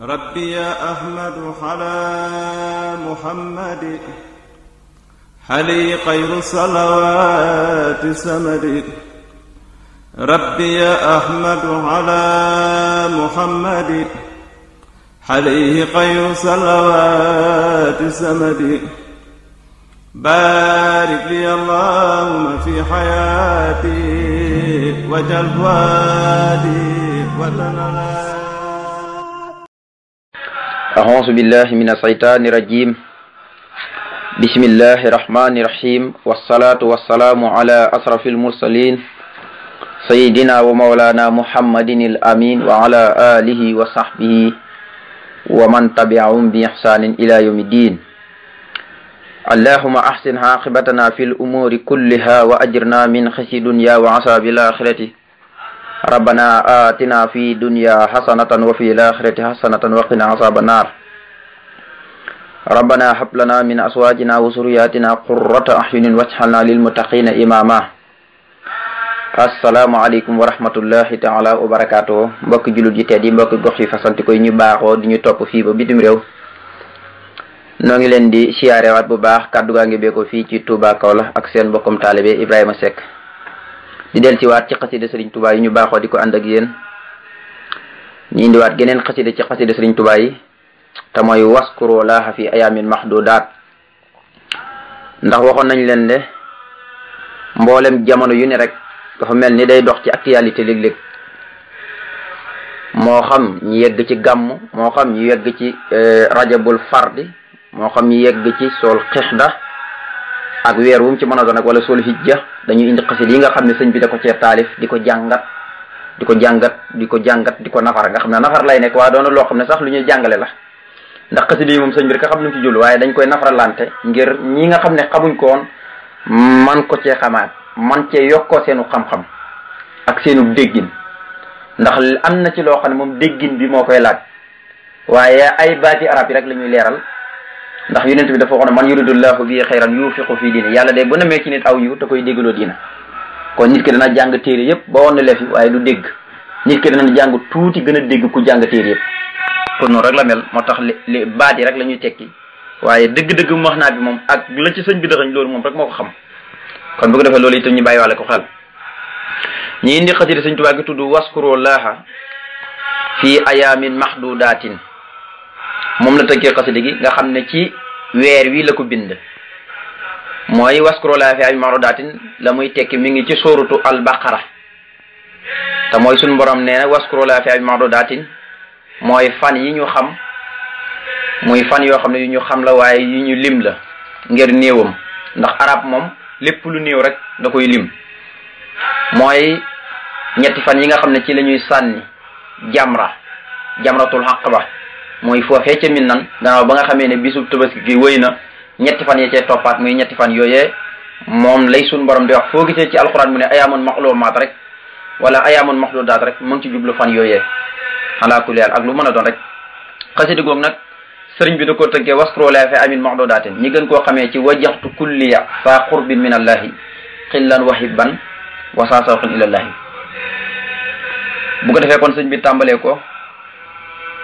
rabbi yaa ahmadu xalaa muhammadi xali xayru salawaati samadi rabbi yaa ahmadu xalaa muhammadi xali xayru salawaati samadi baarik li allahumma fi xayaati wajal waadi wa tanala أعوذ بالله من الشيطان الرجيم بسم الله الرحمن الرحيم والصلاة والسلام على أشرف المرسلين سيدنا ومولانا محمد الأمين وعلى آله وصحبه ومن تبعهم بإحسان إلى يوم الدين اللهم أحسن عاقبتنا في الأمور كلها وأجرنا من خزي الدنيا وعذاب الآخرة rabbana atina fi dunya hasanatan wa fi l-akhirati hasanatan wa qina azaaba naar rabbana hab min azwajina wa qurrata ahyunin waj'alna lil muttaqina imama assalaamu aleykum wa rahmatullahi taala wa mbokki jullit ji tedd yi mbokki gox yi ñu baaxoo di ñu topp fii bi bitim réew noo ngi leen di siyaarewaat bu baax kàddu gaa ngi bee ko fii ci Touba Kaolack ak seen mbokkum taalibe Ibrahima Seck di del ci waat ci xasida sëriñ tubaa yi ñu baaxoo di ko ànd ak yéen ñu indiwaat geneen xasida ci xasida sëriñ tubaa yi te mooy waskuroo laaxa fi ayaamin maxdudaat ndax waxoon nañ leen ne mboolem jamono yu ne rek dafa mel ni day dox ci actualité léeg-léeg moo xam yegg ci gàmm moo xam ñu yegg ci euh, rajabul fardi moo xam ñu yegg ci sool xixda ak weer wu mu ci mën a doon ak wala sol hijja dañuy indi xasit yi nga xam ne sëñ bi da ko cee taalif di ko jàngat di ko jàngat di ko jàngat di ko nafar nga xam ne nafar lay nekk waaye doona loo xam ne sax lu ñuy jàngale la ndax xasit yi moom sëñ bi rek xam lu mu ci jublu waaye dañ koy nafaralante ngir ñi nga xam ne xamuñ ko woon man ko cee xamaat man cee yokkoo seenu xam-xam ak seenu déggin ndax am na ci loo xam ne moom déggin bi moo koy laaj waaye ay baati arab yi rek la ñuy leeral ndax yonent bi dafa wax ne man yuridullahu bi xayran yufiqu fi diine yàlla de bu namee ci nit aw yiw te koy déggaloo diina kon nit ki dana jàng téere yëpp ba woon na lefi waaye du dégg nit ki dana jàng tuuti gën a dégg ku jàng téere yëpp kon noonu rek la mel moo tax li baat yi rek la ñuy tekki waaye dëgg-dëgg mu wax naa bi moom ak la ci sëñ bi dëxañ loolu moom rek moo ko xam kon bu ko defee loolu itam ñu bàyyi waale ko xel ñu indi xasida sëñ Tuubaa gi tudd waskuroo laaha fii ayaamin mahdudatin moom la tëggee xasida gi nga xam ne ci weer wi la ko bind mooy waskuro laa fi ay daatin la muy tekki mi ngi ci sóorutu albaqara te mooy suñ borom nee na waskuro laa fi ay marudaatin mooy fan yi ñu xam muy fan yoo xam ne yu ñu xam la waaye yu ñu lim la ngir néewam ndax arab moom lépp lu néew rek da koy lim mooy ñetti fan yi nga xam ne ci lañuy ñuy sànni jamra jamratul xaq ba mooy foofee ca min nan gannaaw ba nga xamee ne bisub tabaski gi wëy na ñetti fan ya cee toppaat muy ñetti fan yooyee moom lay suñ borom di wax foo gisee ci alxuraan mu ne ayaamun maxluumaat rek wala ayaamun maxdudaat rek mu ngi ci jublu fan yooyee xalaa kulli haal ak lu mën a doon rek xasida goog nag sëriñ bi da koo tëggee waskroola fe amin maxdudaatin ñi gën koo xamee ci wajaxtu kulliya saa xurbin min allahi xillan wahibban wasaa sawqin ilallahi bu ko defee kon sëñ bi tàmbalee ko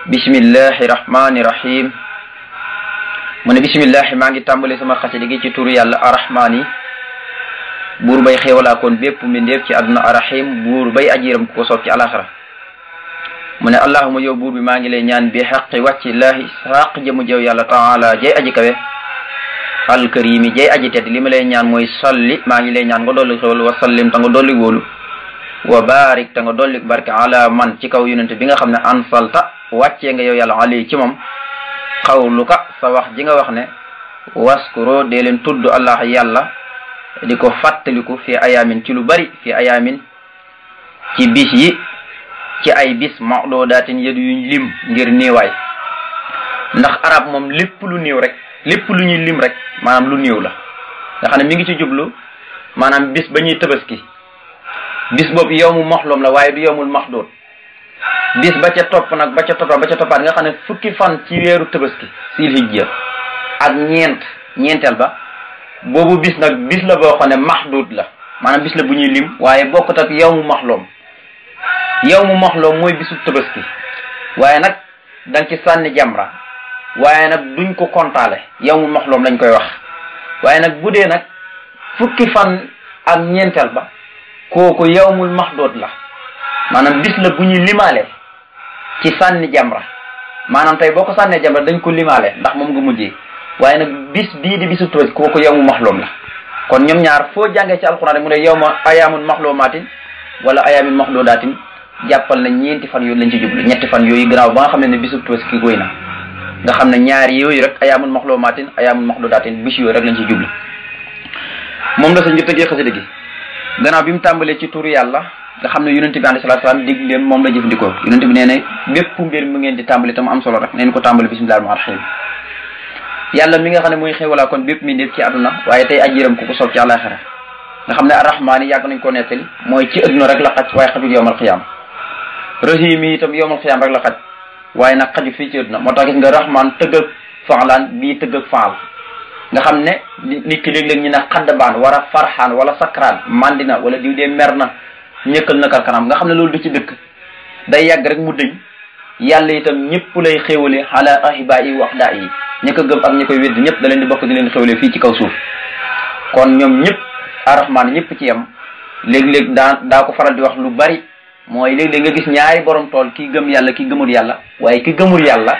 bismillahi rahmaani rahim mu ne bismillahi maa ngi tàmbale sama xasida gi ci turu yàlla arrahmaan yi buur bay xéewalaakoon bépp ci àdduna arrahim buur bay ajiram ku ko soob ci alaxira mu ne allahuma yow buur bi maa ngi lay ñaan bi xaqi wàcci laahi xaq jëmu jëw yàlla taala jay aji kawe alkarimi jay aji tedd li ma lay ñaan mooy salli maa ngi lay ñaan nga dolli xéwal wa sallim ta nga wa baarik ta nga dolli ala man ci kaw yonente bi nga xam ne wàccee nga yow yàlla ali ci moom xaw xawluka sa wax ji nga wax ne waskuro de leen tudd allah yàlla di ko fàttaliku fi ayaamin ci lu bari fi ayaamin ci bis yi ci ay bis mawdoo daatin yëdu yuñ lim ngir niiwaay ndax arab moom lépp lu niiw rek lépp lu ñuy lim rek maanaam lu niiw la nga xam ne ngi ci jublu maanaam bis ba ñuy tëbaski bis boobu yow mu moxloom la waaye du yow max maxdoot bis ba ca topp nag ba ca toppaat ba ca toppaat nga xam ne fukki fan ci weeru tabaski sil hijja ak ñeent ñeenteel ba boobu bis nag bis la boo xam ne maxduud la maanaam bis la bu ñuy lim waaye bokkut ak yow mu maxloom yow mu maxloom mooy bisu tabaski waaye nag dañ ci sànni jamra waaye nag duñ ko kontaale yow mu maxloom lañ koy wax waaye nag bu dee nag fukki fan ak ñeenteel ba kooku yawmul maxduud la maanaam bis la bu ñu limaale ci sànni jamra maanaam tey boo ko sànnee jamra dañ ko limaale ndax moom nga mujjee waaye nag bis bii di bisu tëj kooku yow mu maxloom la kon ñoom ñaar foo jàngee ci alxuraan mu ne yow ma ayaamun maxloomaatin wala ayaamin maxloodaatin jàppal na ñeenti fan yooyu lañ ci jublu ñetti fan yooyu gannaaw ba xam ne ne bisu tëj ki góy na xam ne ñaar yooyu rek ayaamun maxloomaatin ayaamun maxloodaatin bis yooyu rek lañ ci jublu moom la sa njëkk a tëggee bi mu tàmbalee ci turu yàlla nga xam ne yonente bi alayhi salaatu salaam digleem moom la jëfandikoo yonente bi nee na bépp mbir mu ngeen di tàmbali tam rek neen ko tàmbali mi nga xam ne muy xewalaa kon bépp mi ndéef ci àdduna waaye tey ajjëram ku ko soob ci àllaaxira nga xam ne arrahmaani yàgg nañ ko nettali mooy ci adduna rek la xaj waaye xajul yowmal xiyaam rahim yi itam yowmal xiyaam la xaj waaye nag xaju fii ci adduna moo tax gis nga rahmaan tëgg ak faalaan bii tëgg ak faal nga xam ne nit ki léeg-léeg ñu ne xaddabaan wala farxaan wala sakraan mandina wala diw dee mer na ñëkkal na kar kanam nga xam ne loolu du ci dëkk day yàgg rek mu dëñ yàlla itam ñëpp lay xéwale ala ahiba yi wax daa yi ñi ko gëm ak ñi koy wedd ñëpp da leen di bokk di leen xéwale fii ci kaw suuf kon ñoom ñëpp arrahman ñëpp ci yem léeg-léeg daa daa ko faral di wax lu bari mooy léeg-léeg nga gis ñaari borom tool kii gëm yàlla kii gëmul yàlla waaye ki gëmul yàlla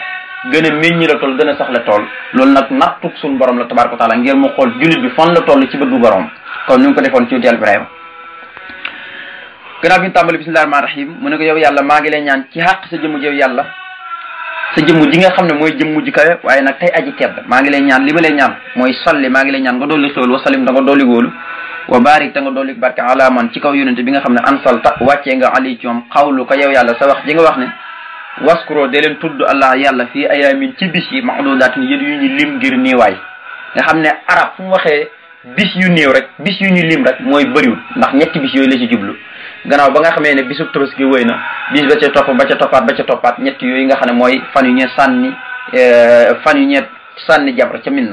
gën a meññi la tool gën a saxla tool loolu nag nattuk suñu borom la tabaraka taala ngir mu xool jullit bi fan la toll ci bëggu borom comme ni mu ko defoon ci yàlla Ibrahima gannaaw bi tambali tàmbali bismillahi rahmaani rahim mu ne ko yow yàlla maa ngi lay ñaan ci xàq sa jëmm ji yow sa jëmm ji nga xam ne mooy jëmm ji kawe waaye nag tey aji tedd maa ngi lay ñaan li ma lay ñaan mooy solli maa ngi lay ñaan nga dolli xéwal wa salim da nga dolli wóolu wa barik ta nga dolli barke ala man ci kaw yonente bi nga xam ne ansalta wàccee nga ali ci moom xawlu ko yow yàlla sa wax ji nga wax ne waskuro dee leen tudd allah yàlla fii ayamin ci bis yi maxdudaatin yët yu ñu lim ngir niiwaay nga xam ne arab fu mu waxee bis yu néew rek bis yu ñu lim mooy bëriwul ndax ñetti bis yooyu la ci jublu gannaaw ba nga xamee ne bisub tabaski wëy na bis ba ca topp ba ca toppaat ba ca toppaat ñett yooyu nga xam ne mooy fan yu ñe sànni euh, fan yu ñe sànni jabar ca min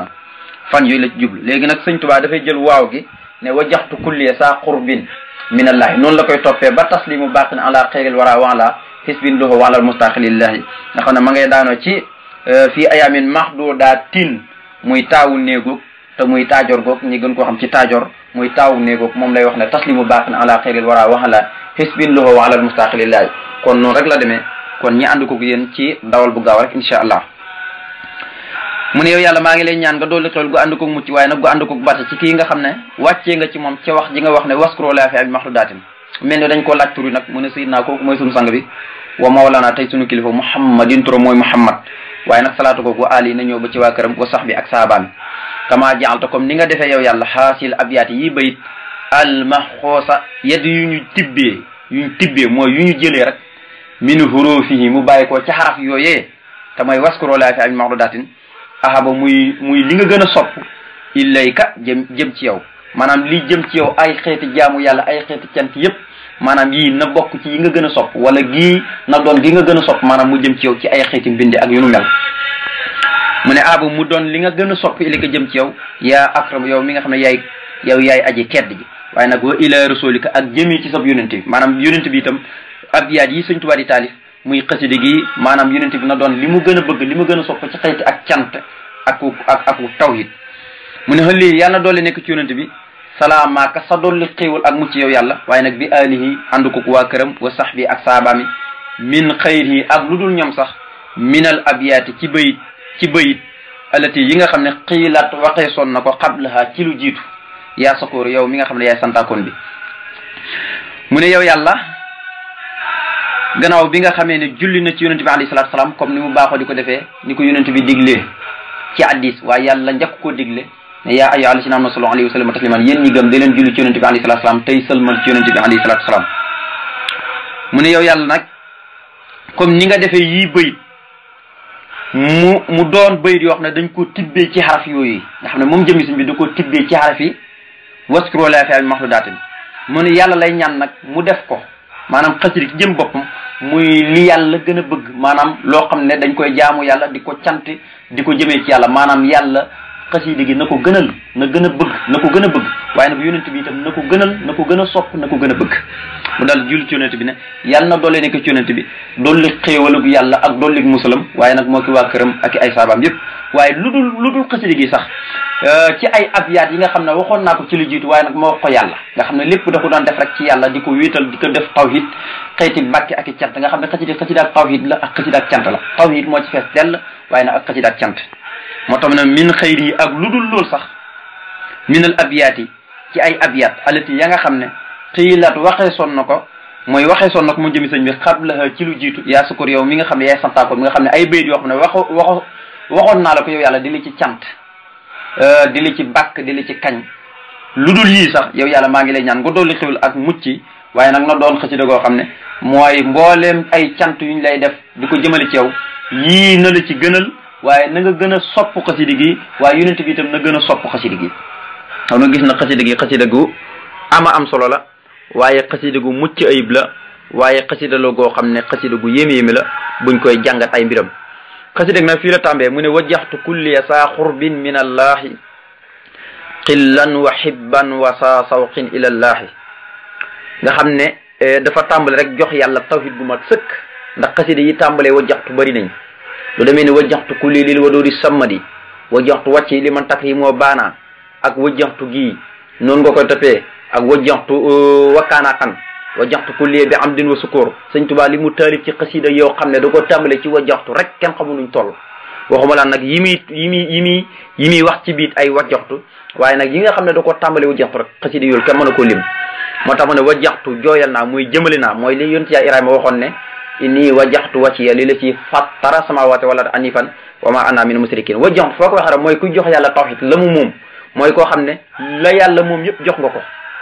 fan yooyu la ci léegi nag sëñ tubaa dafay jël waaw gi ne wajaxtu kulliya saa qurbin minallahi noonu la koy toppee ba taslimu baqin ala xayril wara wala xisbin loxo wala mustaqilillahi nga xam ne ma ngay daanoo ci euh, fii ayaamin tin muy taawu néegu te muy taajoor goog ñi gën koo xam ci taajoor muy taawu néegoog moom lay wax ne taslimu baax na ala xeyril wara waxala xisbin loxo wa alal mustaqilillahi kon noonu rek la demee kon ñi ànd koog yéen ci dawal bu gaaw rek allah mu ne yow maa ngi lay ñaan nga dolli xel gu ànd koog mucc waaye nag gu ànd koog barte ci kii nga xam ne wàccee nga ci moom ca wax ji nga wax ne waskuro laa fi abi maxludaatin mel ne dañ ko laaj tur yi nag mu ne sayidnaa kooku mooy sunu sang bi wa mawlana tey sunu kilifa muhammadin turo mooy muhammad waaye nag salaatu kooku ali na ñëw ba ci waa këram wa sax bi ak saabaam kama jaxalta comme ni nga defee yow yàlla xaasil abyaat yi bayit almaxoosa yedd yu ñu tibbee yu ñu tibbee mooy yu ñu jëlee rek min hurufihi mu bàyyi ko ci xaraf yooyee te mooy waskuroo laa fi am maxdudatin ahaba muy muy li nga gën a sopp illayka jëm jëm ci yow maanaam li jëm ci yow ay xeeti jaamu yàlla ay xeeti cant yépp maanaam yii na bokk ci yi nga gën a sopp wala gii na doon gi nga gën a sopp maanaam mu jëm ci yow ci ay xeeti mbinde ak yu nu mel mu ne aabu mu doon li nga gën a sopp ili ka jëm ci yow yaa akram yow mi nga xam ne yaay yow yaay aji tedd ji waaye nag wa ila rasulika ak jëmee ci sab yonent bi maanaam yonent bi tam ab yaat yi sëñ Tuubaa di taalif muy xasida gi maanaam yonent bi na doon li mu gën a bëgg li mu gën a sopp ci xeeti ak cant ak ak ak tawhid mu ne xëlli yàlla na doole nekk ci yonent bi salaamaaka sa dolli xéewal ak mucc yow yàlla waaye nag bi alihi ànd ko waa këram wa sax bi ak saabaami min xayri ak lu dul ñoom sax minal abiyaati ci bayit ci bayit alati yi nga xam ne xiilaat waxee soon na ko xablaha ci lu jiitu yaa sakoor yow mi nga xam ne yaay santaakoon bi mu ne yow yàlla gannaaw bi nga xamee ne julli na ci yonent bi alayhi salaam comme ni mu baaxoo di ko defee ni ko yonent bi diglee ci addis waaye yàlla njëkk koo digle ne yaa ayyuhaa allaziina aamanuu salluu alayhi wa sallimu tasliiman yéen ñi gëm di leen julli ci yonent bi alayhi salaatu salaam tey mu ne yow yàlla nag comme ni nga defee yii bëyit mu mu doon bayit yoo xam ne dañ ko tibbee ci xaraf yooyu nga xam ne moom jëmmi suñ bi di ko tibbee ci xaraf yi waskiroo laa fi al maxdudaat bi mu ne yàlla lay ñaan nag mu def ko maanaam xasida ci jëm boppam muy li yàlla gën a bëgg maanaam loo xam ne dañ koy jaamu yàlla di ko cant di ko jëmee ci yàlla maanaam yàlla xasida gi na ko gënal na gën a bëgg na ko gën a bëgg waaye nag yonent bi itam na ko gënal na ko a sopp ko gën a bëgg mu daal julli ci yonent bi ne yàlla na doole nekk ci yonent bi dolli xéewalug yàlla ak dolli musalam waaye nag moo ki waa këram ak ay saabaam yëpp waaye lu dul lu dul xasida gi sax euh, ci ay abyaat yi nga xam ne waxoon naa ko ci lu jiitu waaye nag ma ko yàlla nga xam ne lépp da daan doon def rek ci yàlla di ko wéetal di ko def tawhid xëyti bàkki ak i cant nga xam ne xasida xasida ak tawhid la ak xasida ak cant la tawhid moo ci fees dell waaye nag ak xasida ak cant moo tax ne min xëyri yi ak lu dul lool sax minal abyaat yi ci ay abiyat alati ya nga xam ne xiilaat waxee son na ko mooy waxee son na ko mu jëmi sëñ bi xablaha ci lu jiitu yaa sukur yow mi nga xam ne yaay santaako mi nga xam ne ay bayit yoo xam ne waxo waxo waxoon naa la ko yow yàlla di li ci cant euh, di la ci bàkk di la ci kañ lu dul yii sax yow yàlla maa ngi lay ñaan nga dolli xiwul ak mucc waaye nag na doon xasida goo xam ne mooy mbooleem ay cant yuñ lay def di ko jëmale ci yow yii na la ci gënal waaye na nga gën a sopp xasidi gi waaye yonent bi na gën a sopp xasidi gi xam nga gis na xasida gi xasida gu ama am solo la waaye xasida gu mucc ayib la waaye xasida la goo xam ne xasida gu yéeme yéeme la buñ koy jàngat ay mbiram xasida gi nag fii la tàmbee mu ne wajjaxtu kulliya saa xurbin min allahi xillan wa xibban wa saa sawqin ilallaahi nga xam ne eh, dafa tàmbale rek jox yàlla tawhid gu mag sëkk ndax xasida yi tàmbalee wajjaxtu bëri nañ lu demee ne wajjaxtu kulli lil wa doori sammadi wajjaxtu wàcc li man takrimoo baanaa ak wajjantu gi noonu nga koy toppee ak wajjantu euh, wakkaanaaxan wajjantu kulliye bi am din wa sukóor sëñ tubaa li mu taalif ci xasida yoo xam ne da ko tàmbale ci wajjantu rek kenn xamu nuñ toll waxuma laan nag yi muy yi muy muy yi wax ci biit ay wajjantu waaye nag yi nga xam ne da ko tàmbale wajjantu rek xasida yoolu kenn mën a koo lim moo tax mu ne wajjaxtu jooyal naa muy jëmale na mooy li yonti yaa Ibrahima waxoon ne inni wajjaxtu wacciya li la ci fattara samawati wala anifan wa ma ana min musrikin wajjaxtu mooy kuy jox yàlla tawxid la mu moom mooy koo xam ne la yàlla moom yëpp jox nga ko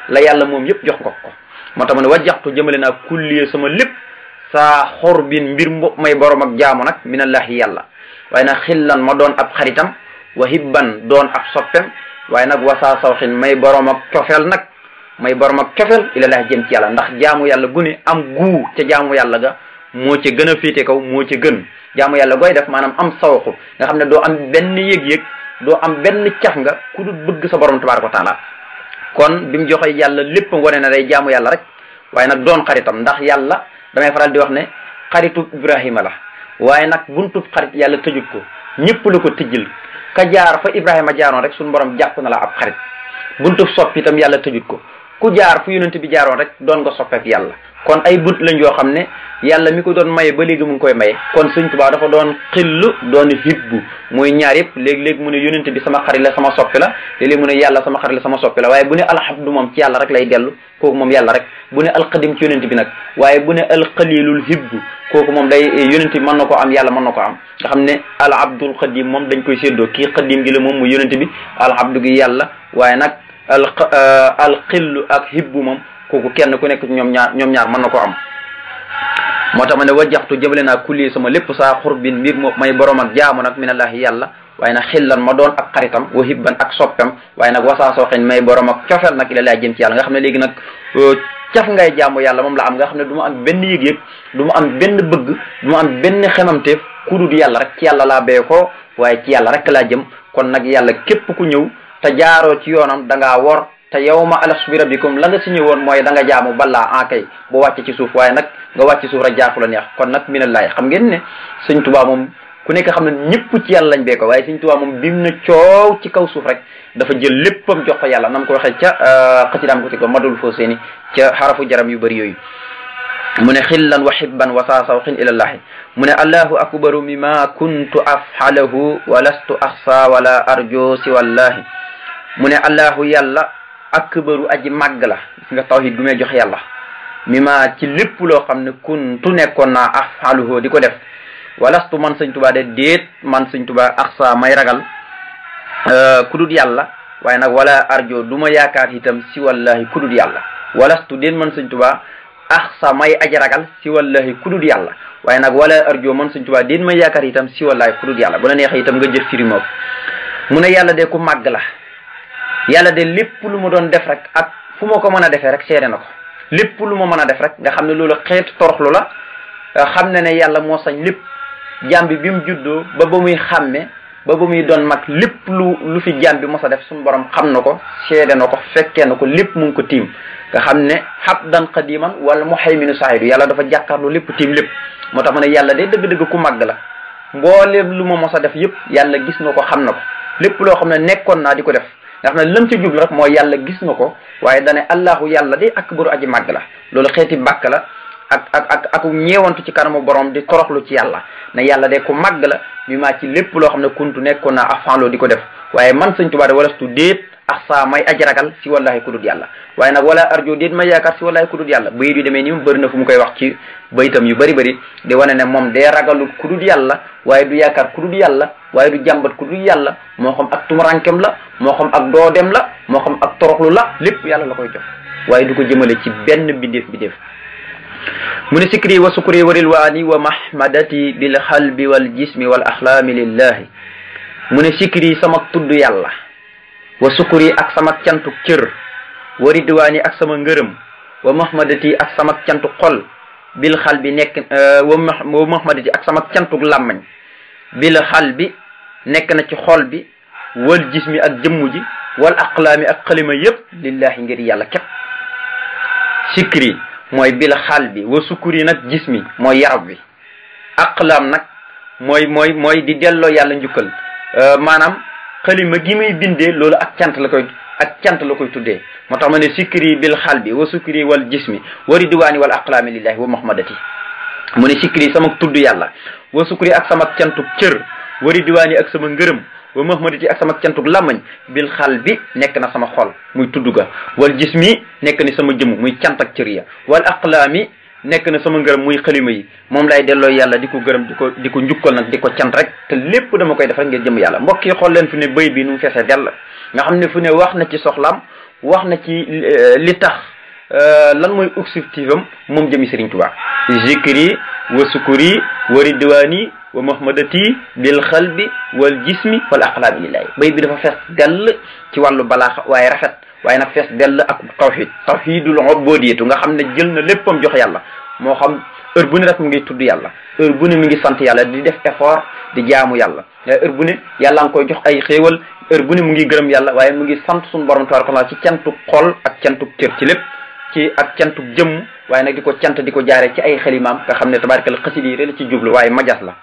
la yàlla moom yëpp jox nga ko moo tax ma ne wajjaxtu jëmale naa kulliye sama lépp saa xor bin mbir may borom ak jaamu nag minallahi yàlla waaye nag xillan ma doon ab xaritam wa hibban doon ab soppem waaye nag wasaa sawxin may borom ak cofeel nag may borom ak cofeel ilallahi jëm ci yàlla ndax jaamu yàlla gu am guu ca jaamu yàlla ga moo ca gën a féete kaw moo ca gën jaamu yàlla gooy def maanaam am sawxu nga xam ne doo am doo am benn cax nga ku du bëgg sa borom tabaaraka wa taala kon bi mu joxe yàlla lépp wane na day jaamu yàlla rek waaye nag doon xaritam ndax yàlla damay faral di wax ne xaritu Ibrahima la waaye nag buntu xarit yàlla tëjut ko ñëpp la ko tijjil ka jaar fa Ibrahima jaaroon rek suñu borom jàpp na la ab xarit buntub soppi itam yàlla tëjut ko ku jaar fu yonent bi jaaroon rek doon nga soppeek yàlla kon ay bunt lañ yoo xam ne yàlla mi ko doon maye ba léegi mun ngi koy maye kon sëñ Tuubaa dafa doon xillu doon hibbu muy ñaar yëpp léegi-léegi mu ne yonente bi sama xarit la sama soppi la léeg-léeg mu yàlla sama xarit la sama soppi la waaye bu ne alxabdu moom ci yàlla rek lay dellu kooku moom yàlla rek bu ne alxadim ci yonente bi nag waaye bu ne alxalilul hibbu kooku moom day eh, yonente bi mën na ko am yàlla mën na ko am nga xam ne alabdul xadim moom dañ koy séddoo kii xadim gi la moom mu yonente bi alabdu gi yàlla waaye nag al eh, alxillu ak hibbu moom kooku kenn ku nekk ci ñoom ñaar ñoom ñaar mën na ko am moo tax ma ne wajaxtu jëmale naa kulli sama lépp saa xurbin mbir moo may borom ak jaamu nag minallaahi yàlla waaye nag xillan ma doon ak xaritam wa hibban ak soppam waaye nag wasaasoo xin may borom ak cofeel nag ila laa jëm ci yàlla nga xam ne léegi nag euh, caf ngay jaamu yàlla moom la am nga xam ne du ma am benn yëg-yëg du ma am benn bëgg du ma am benn xemamteef ku dul yàlla rek ci yàlla laa bee ko waaye ci yàlla rek laa jëm kon nag yàlla képp ku ñëw te yawma alastu bi rabbikum la nga signé woon mooy da nga jaamu balaa ankay boo wàcce ci suuf waaye nag ga wàcc suuf rek jaafu la neex kon nag minallahi xam ngeen ne sëñ tubaa moom ku nekk xam ne ñëpp ci yàlla lañ bee ko waaye sëñ tubaa moom bi mu ne coow ci kaw suuf rek dafa jël léppam jox ko yàlla nam ko waxee ca euh, xasidaam ko ci ko madu foo seeni ca xarafu jaram yu bëri yooyu mu ne xillan wa saw wa saasawxin ilallahi mu ne allahu akbaru mima kuntu afxalahu wa lastu axsa wala arjo si wallahi mu ne allahu yàlla akbaru aji màgg la gis nga tawhid gu may jox yàlla mi ma ci lépp loo xam ne ku nekkoon naa afaluhu di ko def walastu man sëñ tubaa de déet man sëñ tubaa axsa may ragal euh, ku dut yàlla waaye nag wala arjo du ma yaakaar itam si wallahi ku dut yàlla walastu déet man sëñ tubaa axsa may aji ragal si wallahi ku dut yàlla waaye nag wala arjo man sëñ tubaa déet ma yaakaar itam si wallahi ku dut yàlla bu la neexee itam nga jël firi moom mu ne yàlla de ku màgg la yàlla de lépp lu ma doon def rek ak fu ma ko mën a defee rek seede na ko lépp lu ma mën a def rek nga xam ne loolu xeetu toroxlu la euh, xam ne ne yàlla moo sañ lépp jàmm bi mu juddoo ba ba muy xàmme ba muy doon mag lépp lu lu fi jàmm bi mos a def suñu borom xam na ko seede na ko fekkee na ko lépp mu ngi ko tiim nga xam ne xab dan qadiman wala mu xay minu saahidu yàlla dafa jàkkaarlu lépp tiim lépp moo tax ma ne yàlla de dëgg-dëgg ku màgg la mbooleem lu ma mos a def yëpp yàlla gis na ko xam na ko lépp loo xam ne nekkoon naa di ko def ndax xam ne lam ci jublu rek mooy yàlla gis na ko waaye dane allahu yàlla ak akbaru aji màgg la loolu xeeti bàkk la ak ak ak ak ñeewantu ci kanamu borom di toroxlu ci yàlla ne yàlla de ku màgg la bi maa ci lépp loo xam ne kuntu nekkoon naa afan loo di ko def waaye man sëñ Tuubaa de walastu déet saa may aj ragal si wallahi ku dul yàlla waaye nag wala arju déet may yaakaar si wallahi ku dul yàlla bayit yu demee ni mu na fu mu koy wax ci bayitam yu bëri bari di wane ne moom dee ragalul ku dul yàlla waaye du yaakaar ku dul yàlla waaye du jàmbat ku dul yàlla moo xam ak tumurankem la moo xam ak doodem la moo xam ak toroxlu la lépp yàlla la koy jox waaye du ko jëmale ci benn bindéef bindéef mu ne sikri wa sukri wa rilwaani wa mahmadati bil xalbi wal jismi wal axlaami lillahi mu ne sikri sama tudd yàlla wa sukkur ak sama cantu cër wa ridwaan yi ak sama ngërëm wa mahmadati ak sama cantu xol bil xal bi nekk eh, wa wa mahmadati ak sama cantu làmmañ bil xal bi nekk na ci xool bi wal jismi ak jëmm ji wal aqlaami ak xalima yépp lillahi ngir yàlla képp sikri mooy bil xal bi wa sukkur yi nag jismi mooy yaram bi aqlaam nag mooy mooy mooy di delloo yàlla njukkal eh, maanaam xalima gi muy bindee loolu ak cant la koy ak cant la koy tuddee moo tax ma ne sikri bil bi wa sukri wal jismi wa ridwaani wal aqlaami lillahi wa muhammadati mu ne sikri sama tudd yàlla wa sukri ak sama cantuk cër wa ridwaani ak sama ngërëm wa muhammadati ak sama cantuk làmmañ bil xal bi nekk na sama xol muy tudd ga wal jismi nekk ni sama jëmm muy cant ak cër ya wal aqlaami nekk na sama ngërëm muy xalima yi moom lay delloo yàlla di ko gërëm di ko di ko njukkal nag di ko cant rek te lépp dama koy def rek ngir jëm yàlla mbokk yi xool leen fu ne béy bi nu mu feesee dell nga xam ne fu ne wax na ci soxlaam wax na ci euh, li tax euh, lan mooy objectif am moom jëm Sëriñ Tuubaa zikri wa sukuri wa ridwaani wa mahmadati bil xalbi wal jismi wal aqlaabi lillahi béy bi dafa fees dell ci wàllu balaaxa waaye rafet waaye nag fees dell ak tawxid boo ubudiyatu nga xam ne jël na léppam jox yàlla moo xam heure bu ne rek mu ngi tudd yàlla heure bu ne mi ngi sant yàlla di def effort di jaamu yàlla eh, heure bu ne yàlla nga koy jox ay xéewal heure bu ne mu ngi gërëm yàlla waaye mu ngi sant suñu borom tabaraka taala ci cantuk xol ak cantuk cër ci lépp ci ak cantuk jëmm waaye nag di ko cant di ko jaare ci ay xelimaam nga xam ne tabarakal xasida yi rek la ci jublu waaye majas la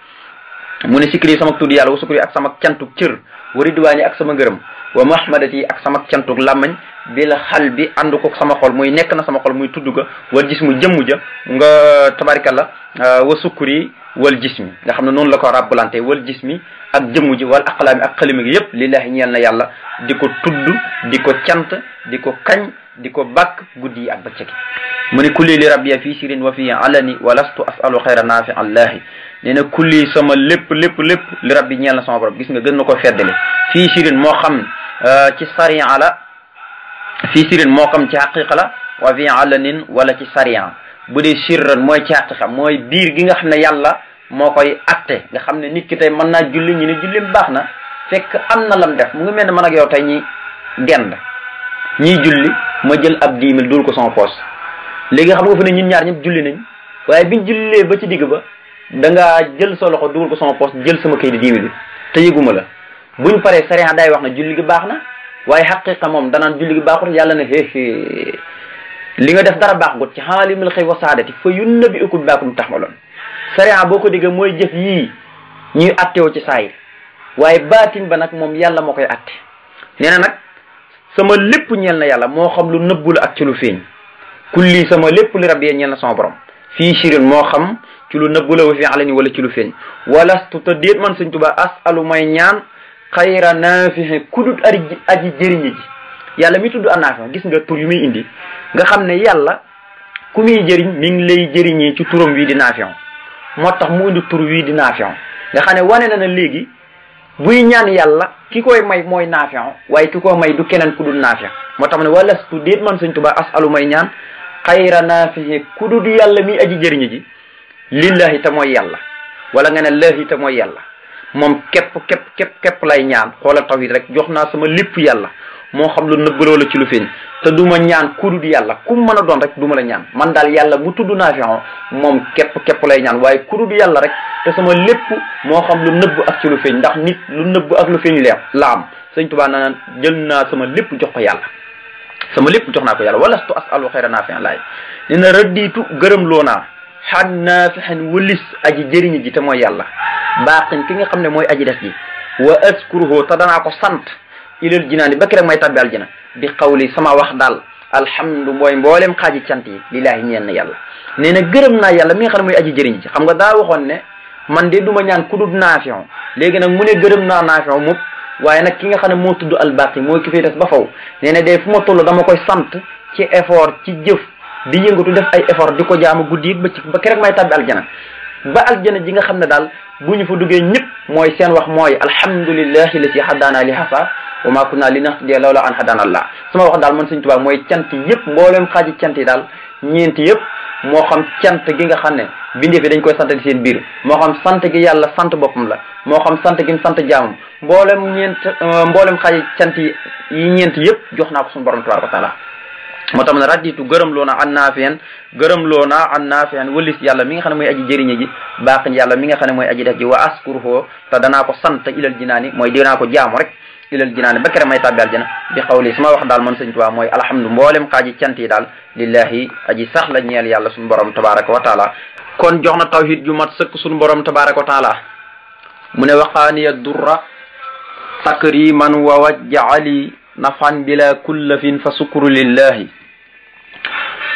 mu ne sikkiri sama tudd yàlla wasukuri ak sama cantu cër wari diwaani ak sama gërëm wa mahmadati yi ak sama cantuk làmmañ bil xal bi ànd ko sama xol muy nekk na sama xol muy tudd ga wal gis mu jëmm ja nga tabarikalla wa sukkuri wal gis mi nga xam ne noonu la ko ràbbalante wal gis mi ak jëmm ji wal aqlaami ak xalima gi yëpp lillahi ñeel na yàlla di ko tudd di ko cant di ko kañ di ko bak guddi yi ak bëccëg mu ne kulli li rabbiya fii sirin wa fii alani wa lastu asalu xayra naafi allahi nee na kulli sama lépp lépp lépp li rabbi ñeel na sama borom gis nga na ko feddale Euh, ci sariya la fii sirin moo xam ci xaqiqa la wa fi alanin wala ci sariya bu dee sirran mooy ci xaqiqa mooy biir gi nga xam ne yàlla moo koy atte nga xam ne nit ki tey mën naa julli ñu ne jullim baax na fekk am na lam def mu ngi mel ne man ak yow tey ñi dend ñiy julli ma jël ab dix mille ko sama poos léegi xam nga fi ne ñun ñaar ñëpp julli nañ waaye biñ jullee ba ci digg ba da ngaa jël sa loxo dugal ko sama poos jël sama kayit dix mille bi te la bu ñu paree sariya daay wax na julli gi baax na waaye xaqiqa moom danaan julli gi baaxul yàlla ne xeexi li nga def dara baax gut ci xaalimul xëy wa saadati fa yun na bi ukub baakum taxmaloon sariya boo ko déggee mooy jëf yii ñuy attewoo ci saayir waaye baatin ba nag moom yàlla moo koy atte nee nag sama lépp ñeel na yàlla moo xam lu nëbbu la ak ci lu feeñ kulli sama lépp li rabbi ñeel na sama borom fii shirin moo xam ci lu nëbbu la wa wala ci lu feeñ xayra naafihin kudut ari aji jëriñi ji yàlla mi tudd annaafi gis nga tur yu muy indi nga xam ne yàlla ku muy jëriñ mi ngi lay jëriñee ci turam wii di naafion moo tax mu indi tur wii di naafion nga xam ne wane na ne léegi buy ñaan yàlla ki koy may mooy naafion waaye ki koy may du keneen ku dul moo tax mu ne walastu déet man Sëñ Tuubaa asalu may ñaan xayra naafihi ku dul yàlla mi aji jëriñi ji lillahi te mooy yàlla wala nga ne laahi te mooy yàlla moom képp képp képp képp lay ñaan xoolal tawhid rek jox naa sama lépp yàlla moo xam lu nëbbaloo la ci lu feeñ te du ma ñaan ku dul yàlla ku mën a doon rek du ma la ñaan man daal yàlla mu tudd Naafi'u ah, moom képp képp lay ñaan waaye ku dul yàlla rek te sama lépp moo xam lu nëbb ak ci lu feeñ ndax nit lu nëbb ak lu feeñ leer la am sëñ Tuubaa na naan jël naa sama lépp jox ko yàlla sama lépp jox naa ko yàlla walastu asalu xayra Naafi'u laay nee na rëddiitu gërëm loo naa xan naafixan wulis aji jëriñu ji te mooy yàlla baaqin ki nga xam ne mooy aji des ji wa askuruhu ta danaa ko sant ilal jinaani ba ki rek may tabbi aljina bi xawli sama wax daal alhamdu mooy mboolem xaaji cant yi lillaahi ñeen na yàlla nee na gërëm naa yàlla mi nga xam ne mooy aji jëriñ ji xam nga daa waxoon ne man de du ma ñaan ku dul naafion léegi nag mu ne gërëm naa naafion moom waaye nag ki nga xam ne moo tudd albaqi mooy ki fay des ba faw nee na fu ma toll dama koy sant ci effort ci jëf di yëngatu def ay effort di ko jaamu guddi ba ci ba keroog may tàbbi aljana ba aljana ji nga xam ne daal bu ñu fa duggee ñëpp mooy seen wax mooy alhamdulillahi lati hadaana li haza wa ma kunna linahtadiya lawla an hadana allah sama wax daal man Sëñ Tuubaa mooy cant yëpp mbooleem xaaji cant yi daal ñeenti yëpp moo xam cant gi nga xam ne bindee fi dañ koy sant seen biir moo xam sant gi yàlla sant boppam la moo xam sant gi sant jaamam mboolem ñeent euh, mboolem xaaji yi ñeent yëpp jox naa ko suñu borom tabaaraka wa taala moo tax mu ne raditu gërëm loo na an naafiyan gërëm loo na an naafiyan wëlis yàlla mi nga xam ne mooy aji jëriñe ji baaqin yàlla mi nga xam ne mooy aji def ji wa askuruhu te danaa ko sant ilal jinaani mooy dinaa ko jaamu rek ilal jinaani ba kere may tàbbi aljana bi xawli sama wax daal man sëñ Tuubaa mooy alhamdu mboolem ka cant yi daal lillahi aji sax la ñeel yàlla suñu borom tabaraka wa taala kon jox na tawhid ju mat sëkk suñu borom tabaraka wa taala mu ne waxaaniya durra takriman wa wajjali nafan bila kullafin fa sukru lillahi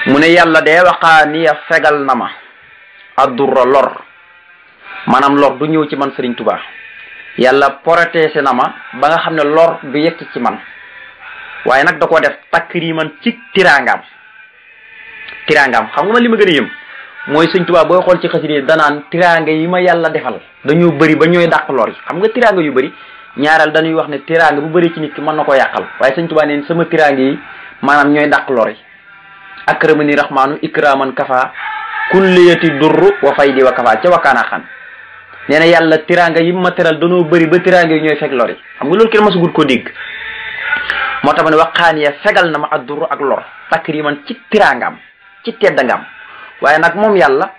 mu ne yàlla dee waxaa niya fegal na ma addurra lor maanaam lor du ñëw ci man sëriñ tubaa yàlla protégé na ma ba nga xam ne lor bi yëkk ci man waaye nag da koo def takriman ci tiraangaam tiraangaam xam nga man li ma gën a yëm mooy sëñ tubaa booy xool ci xasida yi danaan tiraanga yi ma yàlla defal dañoo bëri ba ñooy dàq lor yi xam nga tiraanga yu bari ñaareel dañuy wax ne tiraanga bu bëri ci nit ki mën na ko yàqal waaye sëñ tubaa neen sama tiraanga yi maanaam ñooy dàq lor yi akramani rahmaanu ikraman kafa kulliyati durru wa faydi wa kafa ca wakaana xan nee na yàlla tiraanga yi ma teral danoo bëri ba tiraanga yi ñooy fekk lor yi xam nga loolu kenn masugul ko dégg moo tax ma ne waxaan ya fegal na ma ak durru ak lor takriman ci tiraangam ci teddangaam waaye nag moom yàlla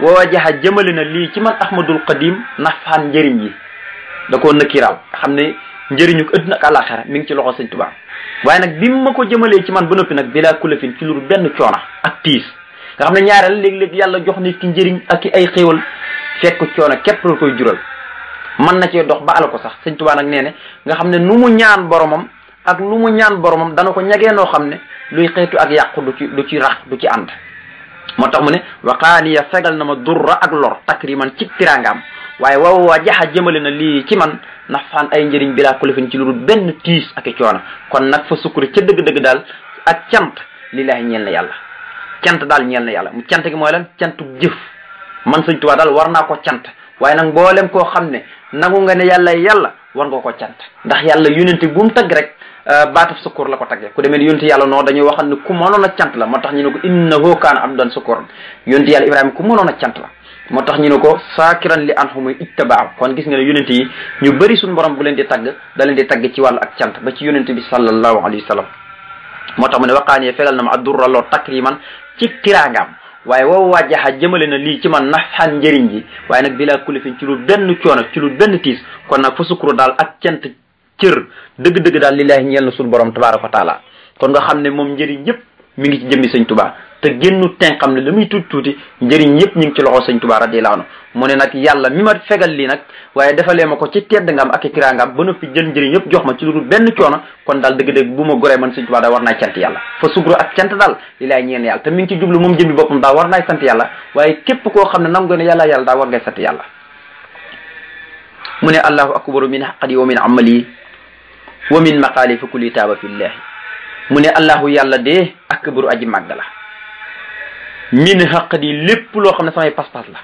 woo jaxa jëmale na lii ci man ahmadul qadim nafaan njëriñ yi da koo nëkkiraal xam ne njëriñu ëdduna ak àllaaxira mi ngi ci loxo sëñ Tuubaa waaye nag bi ma ko jëmalee ci man ba noppi nag bilaa kulafin ci luru benn coona ak tiis nga xam ne ñaareel léeg-léeg yàlla jox nit ki njëriñ ak i ay xéewal fekk coono képp la koy jural mën na cee dox ba ala ko sax sëñ Tuubaa nag nee ne nga xam ne nu mu ñaan boromam ak lu mu ñaan boromam dana ko ñagee noo xam ne luy xeetu ak yàqu du ci du ci rax du ci ànd moo tax mu ne ya fegal na ma durra ak lor takriman ci tiraangaam waaye waaw waa jaxa jëmale na lii ci man ndax faan ay njëriñ bi laa kulifin ci lu dul benn tiis ak i coono kon nag fa sukkuri ca dëgg-dëgg daal a cant lillaahi ñeel na yàlla cant daal ñeel na yàlla mu cant gi mooy lan cantu jëf man sëñ Tuubaa daal war naa ko cant waaye na mboolem koo xam ne nangu nga ne yàlla yàlla war nga ko cant ndax yàlla yónente bu mu tagg rek euh, baataf sukkur la ko tagge ku demee ni yàlla noonu dañuy waxal ne ku mënoon a cant la moo tax ñu ne ko innahu kaana abdan sukkuran yónente yàlla Ibrahima ku mënoon a cant la moo tax ñu ne ko saa saakiran li an xumuy ittabaaw kon gis nga ne yonent yi ñu bëri suñu borom bu leen di tagg da leen di tagg ci wàllu ak cant ba ci yonent bi sallallahu alayhi wa sallam moo tax mu ne waqaanee fegal na ma addurra loo takriman ci tiraangaam waaye woo wàjjaxa jëmale na lii ci man naxaan njëriñ ji waaye nag bilaa kulifin ci lu benn coono ci lu benn tiis kon nag fa sukuru daal ak cant cër dëgg-dëgg daal lillaahi ñeel na suñu borom tabaaraka wa kon nga xam ne moom njëriñ yëpp mi ngi ci jëmmi sëñ tubaa te génnu ten xam ne la muy tuuti tuuti njëriñ yëpp ñu ngi ci loxo sëñ Tuubaa radiyallaahu anhu mu ne nag yàlla mi ma fegal lii nag waaye defalee ma ko ci tedd ngam ak kiraangam ba noppi jël njëriñ yëpp jox ma ci lu dul benn coono kon daal dëgg-dëgg bu ma goree man sëñ Tuubaa daa war naa cant yàlla fa sukru ak cant daal li laay ñeen yàlla te mi ngi ci jublu moom jëmmi boppam daa war naay sant yàlla waaye képp koo ne nangu ne yàlla yàlla daa war ngay sant yàlla mu ne allahu akbaru min xaqadi wa min amali wa fi kulli taaba fillahi mu ne allahu yàlla dee akbaru aji màgg la min xaq di lépp loo xam ne samay pas-pas la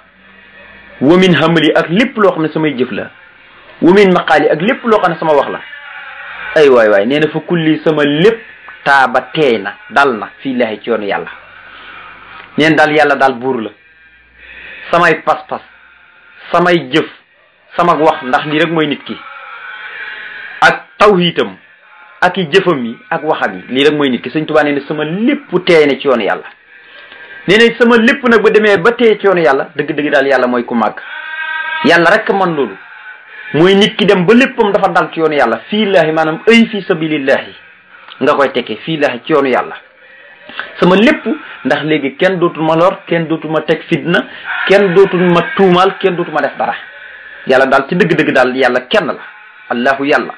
womin min xamali ak lépp loo xam ne samay jëf la wa min maqaali ak lépp loo xam ne sama wax la ay waay waay nee na fa kulli sama lépp taaba na dal na fii laahi ci yoonu yàlla neen daal yàlla daal buur la samay pas-pas samay jëf sama wax ndax lii rek mooy nit ki ak taw tawhiitam ak i jëfam yi ak waxam yi lii rek mooy nit ki sëñ Tuubaa nee na sama lépp teey ne ci yoon yàlla nee na sama lépp nag ba demee ba tey ci yoonu yàlla dëgg-dëgg daal yàlla mooy ku màgg yàlla rek man loolu mooy nit ki dem ba léppam dafa dal ci yoonu yàlla fii laahi maanaam ay fii sabilillahi nga koy tekkee fii laahi ci yoonu yàlla sama lépp ndax léegi kenn dootul ma loor kenn dootuma teg fitna kenn dootul dootuma tuumaal kenn dootuma def dara yàlla daal ci dëgg-dëgg daal yàlla kenn la allahu yàlla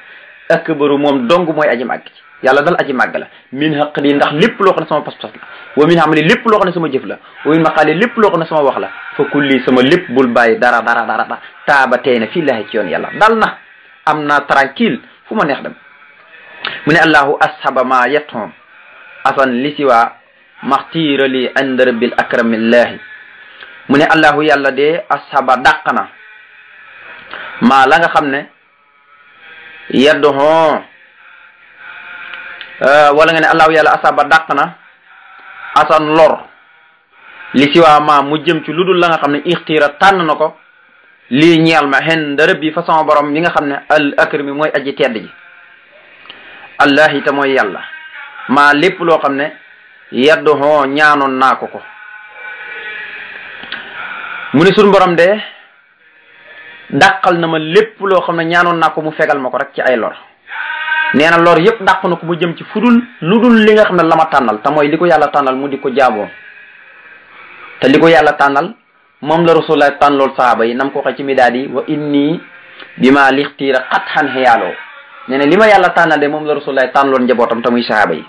akbaru moom dong mooy aji màgg yàlla dal aji màgg min haqli ndax lépp loo xam ne sama pas-pas la wa min amali lépp loo xam ne sama jëf la wa min maqaali lépp loo xam ne sama wax la fa kulli sama lépp bul bàyyi dara dara dara dara taaba tey na fii laahi ci yoon yàlla dal na am naa tranquille fu ma neex dem mu ne allahu ashaba ma yethom asan li siwa maxtiira li inda rabbil akramillahi mu ne allahu yàlla de ashaba dàq na maa la nga xam ne yeddohon Euh, wala nga allahu yàlla asaba dàq na asan lor li si waa ma mu jëm ci lu dul la nga xam ne ixtiira tànn na ko lii ñeel ma xen dërëb bi façon borom mi nga xam ne al akrim mi mooy aji tedd ji allahi te mooy yàlla ma lépp loo xam ne yeddu hoo ñaanoon naa ko ko mu ni suñ borom de dàqal na ma lépp loo xam ne ñaanoon naa ko mu fegal ma ko rek ci ay lor nee na lor yëpp dàq na ko mu jëm ci fu dul lu dul li nga xam ne la ma tànnal te mooy li ko yàlla tànnal mu di ko jaaboo li ko yàlla tànnal moom la rasulullah tànn loolu sahaaba yi nam ko ci midaad yi wa inni bi ma lixtiira xat xan nee na li ma yàlla tànnal de moom la rasulullah tànn loolu njabootam te muy sahaaba yi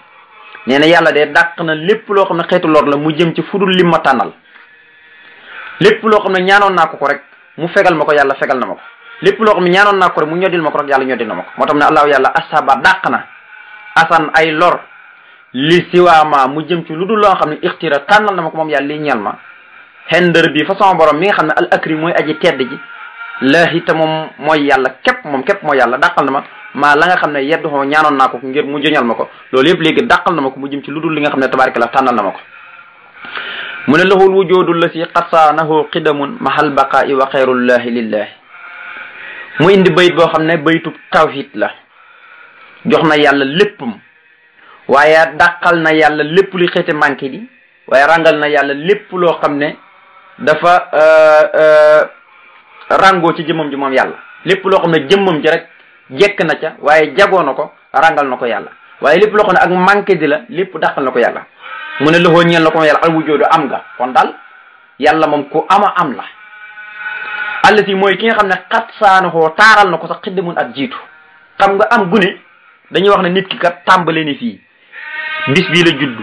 nee na yàlla de dàq na lépp loo xam ne xeetu lor la mu jëm ci fudul lim ma tànnal lépp loo xam ne ñaanoon naa ko ko rek mu fegal ma ko yàlla fegal na ma ko lépp loo xam ne ñaanoon naa ko rek mu ñoddil ma ko rek yàlla ñoddil na ma ko moo tax ne allahu yàlla asaba dàq na asan ay lor li siwaama mu jëm ci lu dul loo xam ne ixtira tànnal na ko moom yàlla li ñeel ma xendër bi façon borom mi nga xam ne al akrim mooy aji tedd ji laahi te moom mooy yàlla képp moom képp mooy yàlla dàqal na ma maa la nga xam ne yedd ñaanoon naa ko ngir mu joñal ma ko loolu yëpp léegi dàqal na ma ko mu jëm ci lu dul li nga xam ne tabaraka la tànnal na ma mu ne lahul wujoodu la si xasaanahu qidamun mahal baqaa'i wa xeyrullahi lillahi mu indi bayit boo xam ne bayitub tawhid la jox na yàlla léppam waaye dàqal na yàlla lépp lu xeete manqué di waaye ràngal na yàlla lépp loo xam ne dafa euh, euh, ràngoo ci jëmmam ji moom yàlla lépp loo xam ne jëmmam ji rek jekk na ca waaye jagoo na ko ràngal na ko yàlla waaye lépp loo xam ne ak manqué di la lépp dàqal na ko yàlla mu ne loxoo ñeel na ko moom yàlla al wujoodu am nga kon daal yàlla moom ku ama am la allati mooy ki nga xam ne xat saanakoo taaral na ko sax xiddamun ak jiitu xam nga am gune dañuy wax ne nit ki kat tàmbalee ni fii bis bii la judd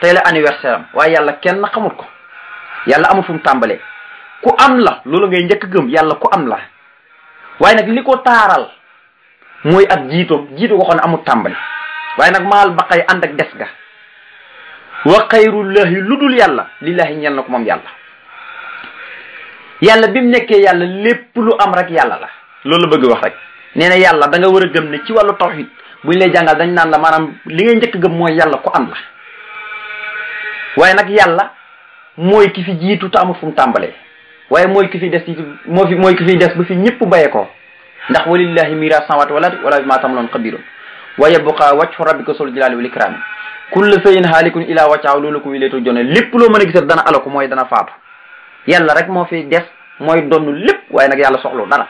tey la anniversaire am waaye yàlla kenn xamut ko yàlla amul fu mu tàmbalee ku am la loolu ngay njëkk gëm yàlla ku am la waaye nag li ko taaral mooy ak jiitoom jiitu ko xam ne amul tàmbali waaye nag maal baqay ànd ak des ga wa xayrullahi lu dul yàlla lillahi ñel na ko moom yàlla yàlla bi mu nekkee yàlla lépp lu am rek yàlla la loolu la bëgg wax rek nee na yàlla da nga war a gëm ne ci wàllu tawhid buñ lay jàngal dañ naan la maanaam li ngay njëkk gëm mooy yàlla ko am la waaye nag yàlla mooy ki fi jiitu te amul mu tàmbalee waaye mooy ki fi des moo fi mooy ki fi des bu fi ñëpp bayee ko ndax walillahi miras samawati wal ardi wala bi ma tamaloon xabirun wa yabqa wajhu rabbika sul jalali wal ikrami kullu shay'in halikun ila ko wi leetul jone lépp loo mën a gisat dana alaku mooy dana faatu yàlla rek moo fi des mooy donn lépp waaye nag yàlla soxlu dara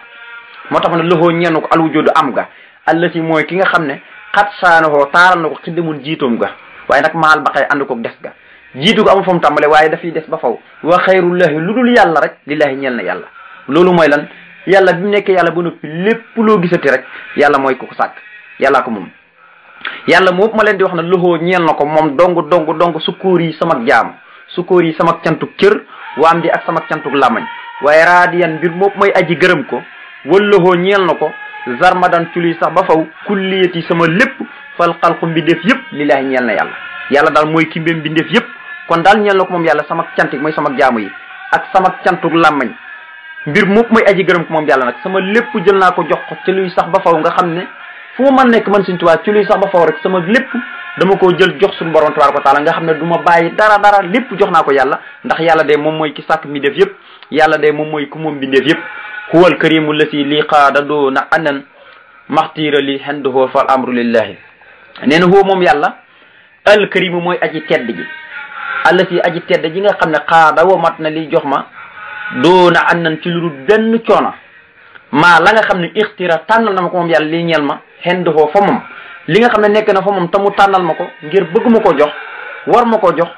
moo tax ne loxoo ñenn ko alwujudu am ga allati mooy ki nga xam ne xat saanohoo taaral na ko xiddamun jiitoom ga waaye nag maal baqay ànd ko des ga jiitu ko amul mu tàmbale waaye dafiy des ba faw wa xayrullahi lu dul yàlla rek lillahi ñeel na yàlla loolu mooy lan yàlla bi mu yàlla ba noppi lépp loo gisati rek yàlla mooy ku ko yàllaa ko moom yàlla moom ma leen di wax ne loxoo ñeel na ko moom dong dong dong sukkoor yi sama jaam sukkoor yi sama cantu kër waa am ak sama cantuk làmmañ waaye raadiyan mbir moom mooy aji gërëm ko wallahoo ñeel na ko zarmadan ci luy sax ba faw yi sama lépp fal xalqu mbindeef yëpp lillaahi ñeel na yàlla yàlla daal mooy kimbeem mbindeef yëpp kon daal ñeel na ko moom yàlla sama cantik mooy sama jaamu yi ak sama cantu làmmañ mbir moom mooy aji gërëm ko moom yàlla nag sama lépp jël naa ko jox ko ci luy sax ba faw nga xam ne fu ma nekk man sintiwaat tubaab ci luy sax ba faw rek sama lépp dama koo jël jox suñu borom tabaraka wa taala nga xam ne du ma bàyyi dara dara lépp jox naa ko yàlla ndax yàlla de moom mooy ki sàkk mi def yëpp yàlla de moom mooy ku moom bi def yëpp huwal karimu lati lii xaadadoo na anan maxtiira li hendohoo fal amru lillahi nee na huwa moom yàlla al karimu mooy aji tedd ji allati aji tedd ji nga xam ne xaada womat na li jox ma doo na ci lu dul benn coono maa la nga xam ne ixtira tànnal na ma ko moom yàlla li ñeel ma hendohoo li nga xam ne nekk na fa moom te mu tànnal ma ko ngir bëgg ma ko jox war ma ko jox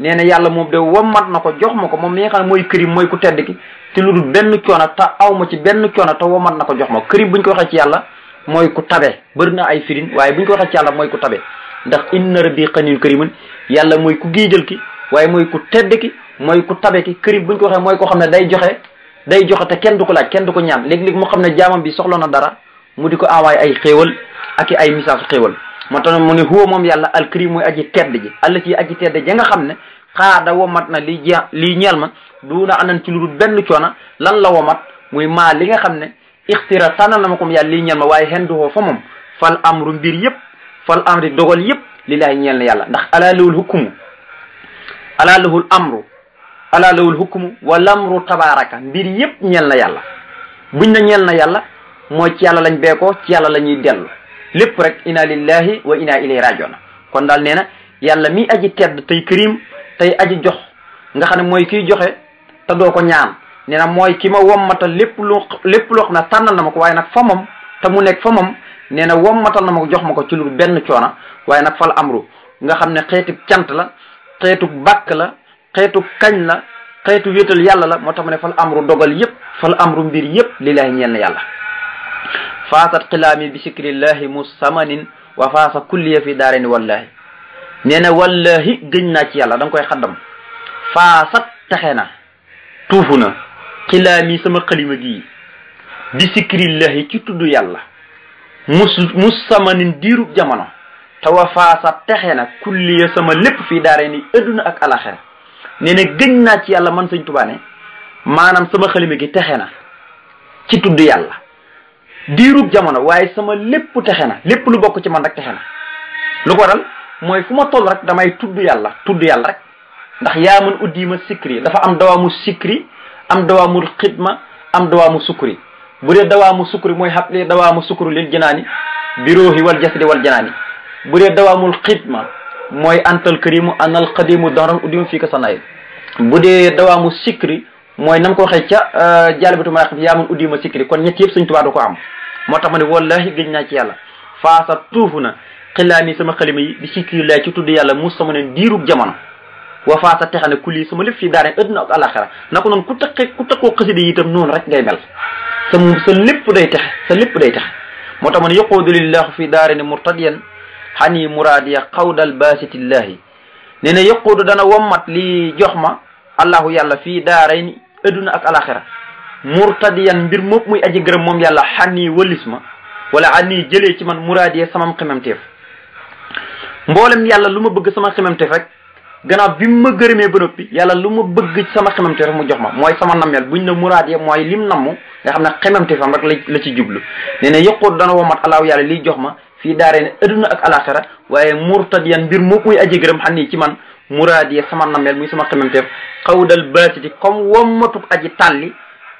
nee na yàlla moom de wommat na ko jox ma ko moom mi nga xam ne mooy kërim mooy ku tedd ki ci lu dul benn coono te aw ma ci benn coono te wommat na ko jox ma kërim bu ñu ko waxee ci yàlla mooy ku tabe bëri na ay firin waaye bu ñu ko waxee ci yàlla mooy ku tabe ndax inna rabbi xaniyun karimun yàlla mooy ku géejal ki waaye mooy ku tedd ki mooy ku tabe ki kërim ko waxee mooy ko xam ne day joxe day joxe te kenn du ko laaj kenn du ko ñaan léeg-léeg mu xam ne jaamam bi soxla na dara mu di ko envoyé ay xéewal ak i ay message xéwal moo tax mu ne huwa moom yàlla alkarim mooy aji tedd ji alla ci aji tedd ja nga xam ne xaada mat na li lii ñeel ma duuna anan ci benn coona lan la mat muy maa li nga xam ne ixtira sànnal na ma kom yàlla lii ñeel ma waaye xen duhoo fa moom fal amru mbir yëpp fal amri dogal yëpp lillaahi ñeel na yàlla ndax alaa lawul hukkumu alaa lawul amru alaa lawul hukkumu wal tabaraka mbir yëpp ñeel na yàlla buñ na ñeel na yàlla mooy lañ beekoo yàlla la ñuy dellu lépp rek inna lillahi wa inna ilayhi rajiun kon daal nee na yàlla mi aji tedd tey kërim tey aji jox nga xam ne mooy kiy joxe te doo ko ñaan nee na mooy ki ma wommatal lépp lu lépp loo xam ne tànnal na ma ko waaye nag fa moom te mu nekk fa moom nee na wommatal na ma jox ma ko ci lu benn coona waaye nag fal amru nga xam ne xeetu cant la xeetu bàkk la xeetu kañ la xeetu wéetal yàlla la moo tax ma ne fal amru dogal yëpp fal amru mbir yëpp lilaahi ñenn yàlla faasat xilaami bi sikrillahi musamanin wa faasa kulliya fi daareni wallahi nee na wallahi gëñ naa ci yàlla da nga koy xaddam faasat texe na tuufu na xilaami sama xalima gii bi sikrillahi ci tudd yàlla mus musamanin diiru jamono te wa faasa texe na kulliya sama lépp fii daare ni adduna ak alaxira nee na naa ci yàlla man sëñ tubaane maanaam sama xalima gi texe na ci tudd yàlla diirub jamono waaye sama lépp texe na lépp lu bokk ci man rek texe na lu ko waral mooy fu ma toll rek damay tudd yàlla tudd yàlla rek ndax yaa man uddiima sikri dafa am dawaamu sikri am dawaamul xidma am dawaamu sukuri bu dee dawaamu sukuri mooy xabli dawaamu sukuru lil jinaani biruuhi wal jasadi wal jinaani bu dee dawaamul xidma mooy antal karimu anal qadimu daran uddimu fii ka sanayi bu dee dawaamu sikri mooy nam ko waxee ca euh, jaalibatu maraqib yaa man uddi ma sikkiri kon ñett yëpp sëñ Tuubaa da ko am moo tax ma ne wallahi gëj naa ci yàlla faasa tuufu na xilaa nii sama xalima yi di sikki lay ci tudd yàlla mu sama neen diirub jamono wa faasa texe ne ku lii sama lépp fii daareen adduna ak alaxira na ko noonu ku taqee ku takkoo xasida yi itam noonu rek ngay mel sa sa lépp day texe sa lépp day texe moo tax ma ne yoqoodulillahu fi daareni murtadiyan xani muraadiya xawdal baasitillahi nee na yoqoodu dana wommat li jox ma allahu yàlla fii adduna ak alaxira murtadiyan mbir moom muy aji gërëm moom yàlla xànnii wëllis ma wala ànnii jëlee ci man muraadiyee samam xemamteef mboolem yàlla lu ma bëgg sama xemamteef rek gannaaw bi mu ma gërëmee ba noppi yàlla lu ma bëgg sama xemamteef mu jox ma mooy sama nammeel buñ ne muraadiyee mooy lim nammu nga xam ne xemamteefam rek la ci jublu nee na yëqoot dana womat alaaw yàlla liy jox ma fii daaree ne ak alaxira waaye murtadiyan mbir moom muy aji ci man muraad yi sama nameel muy sama xemamteef xawdal baatiti comme wommatub aji tàlli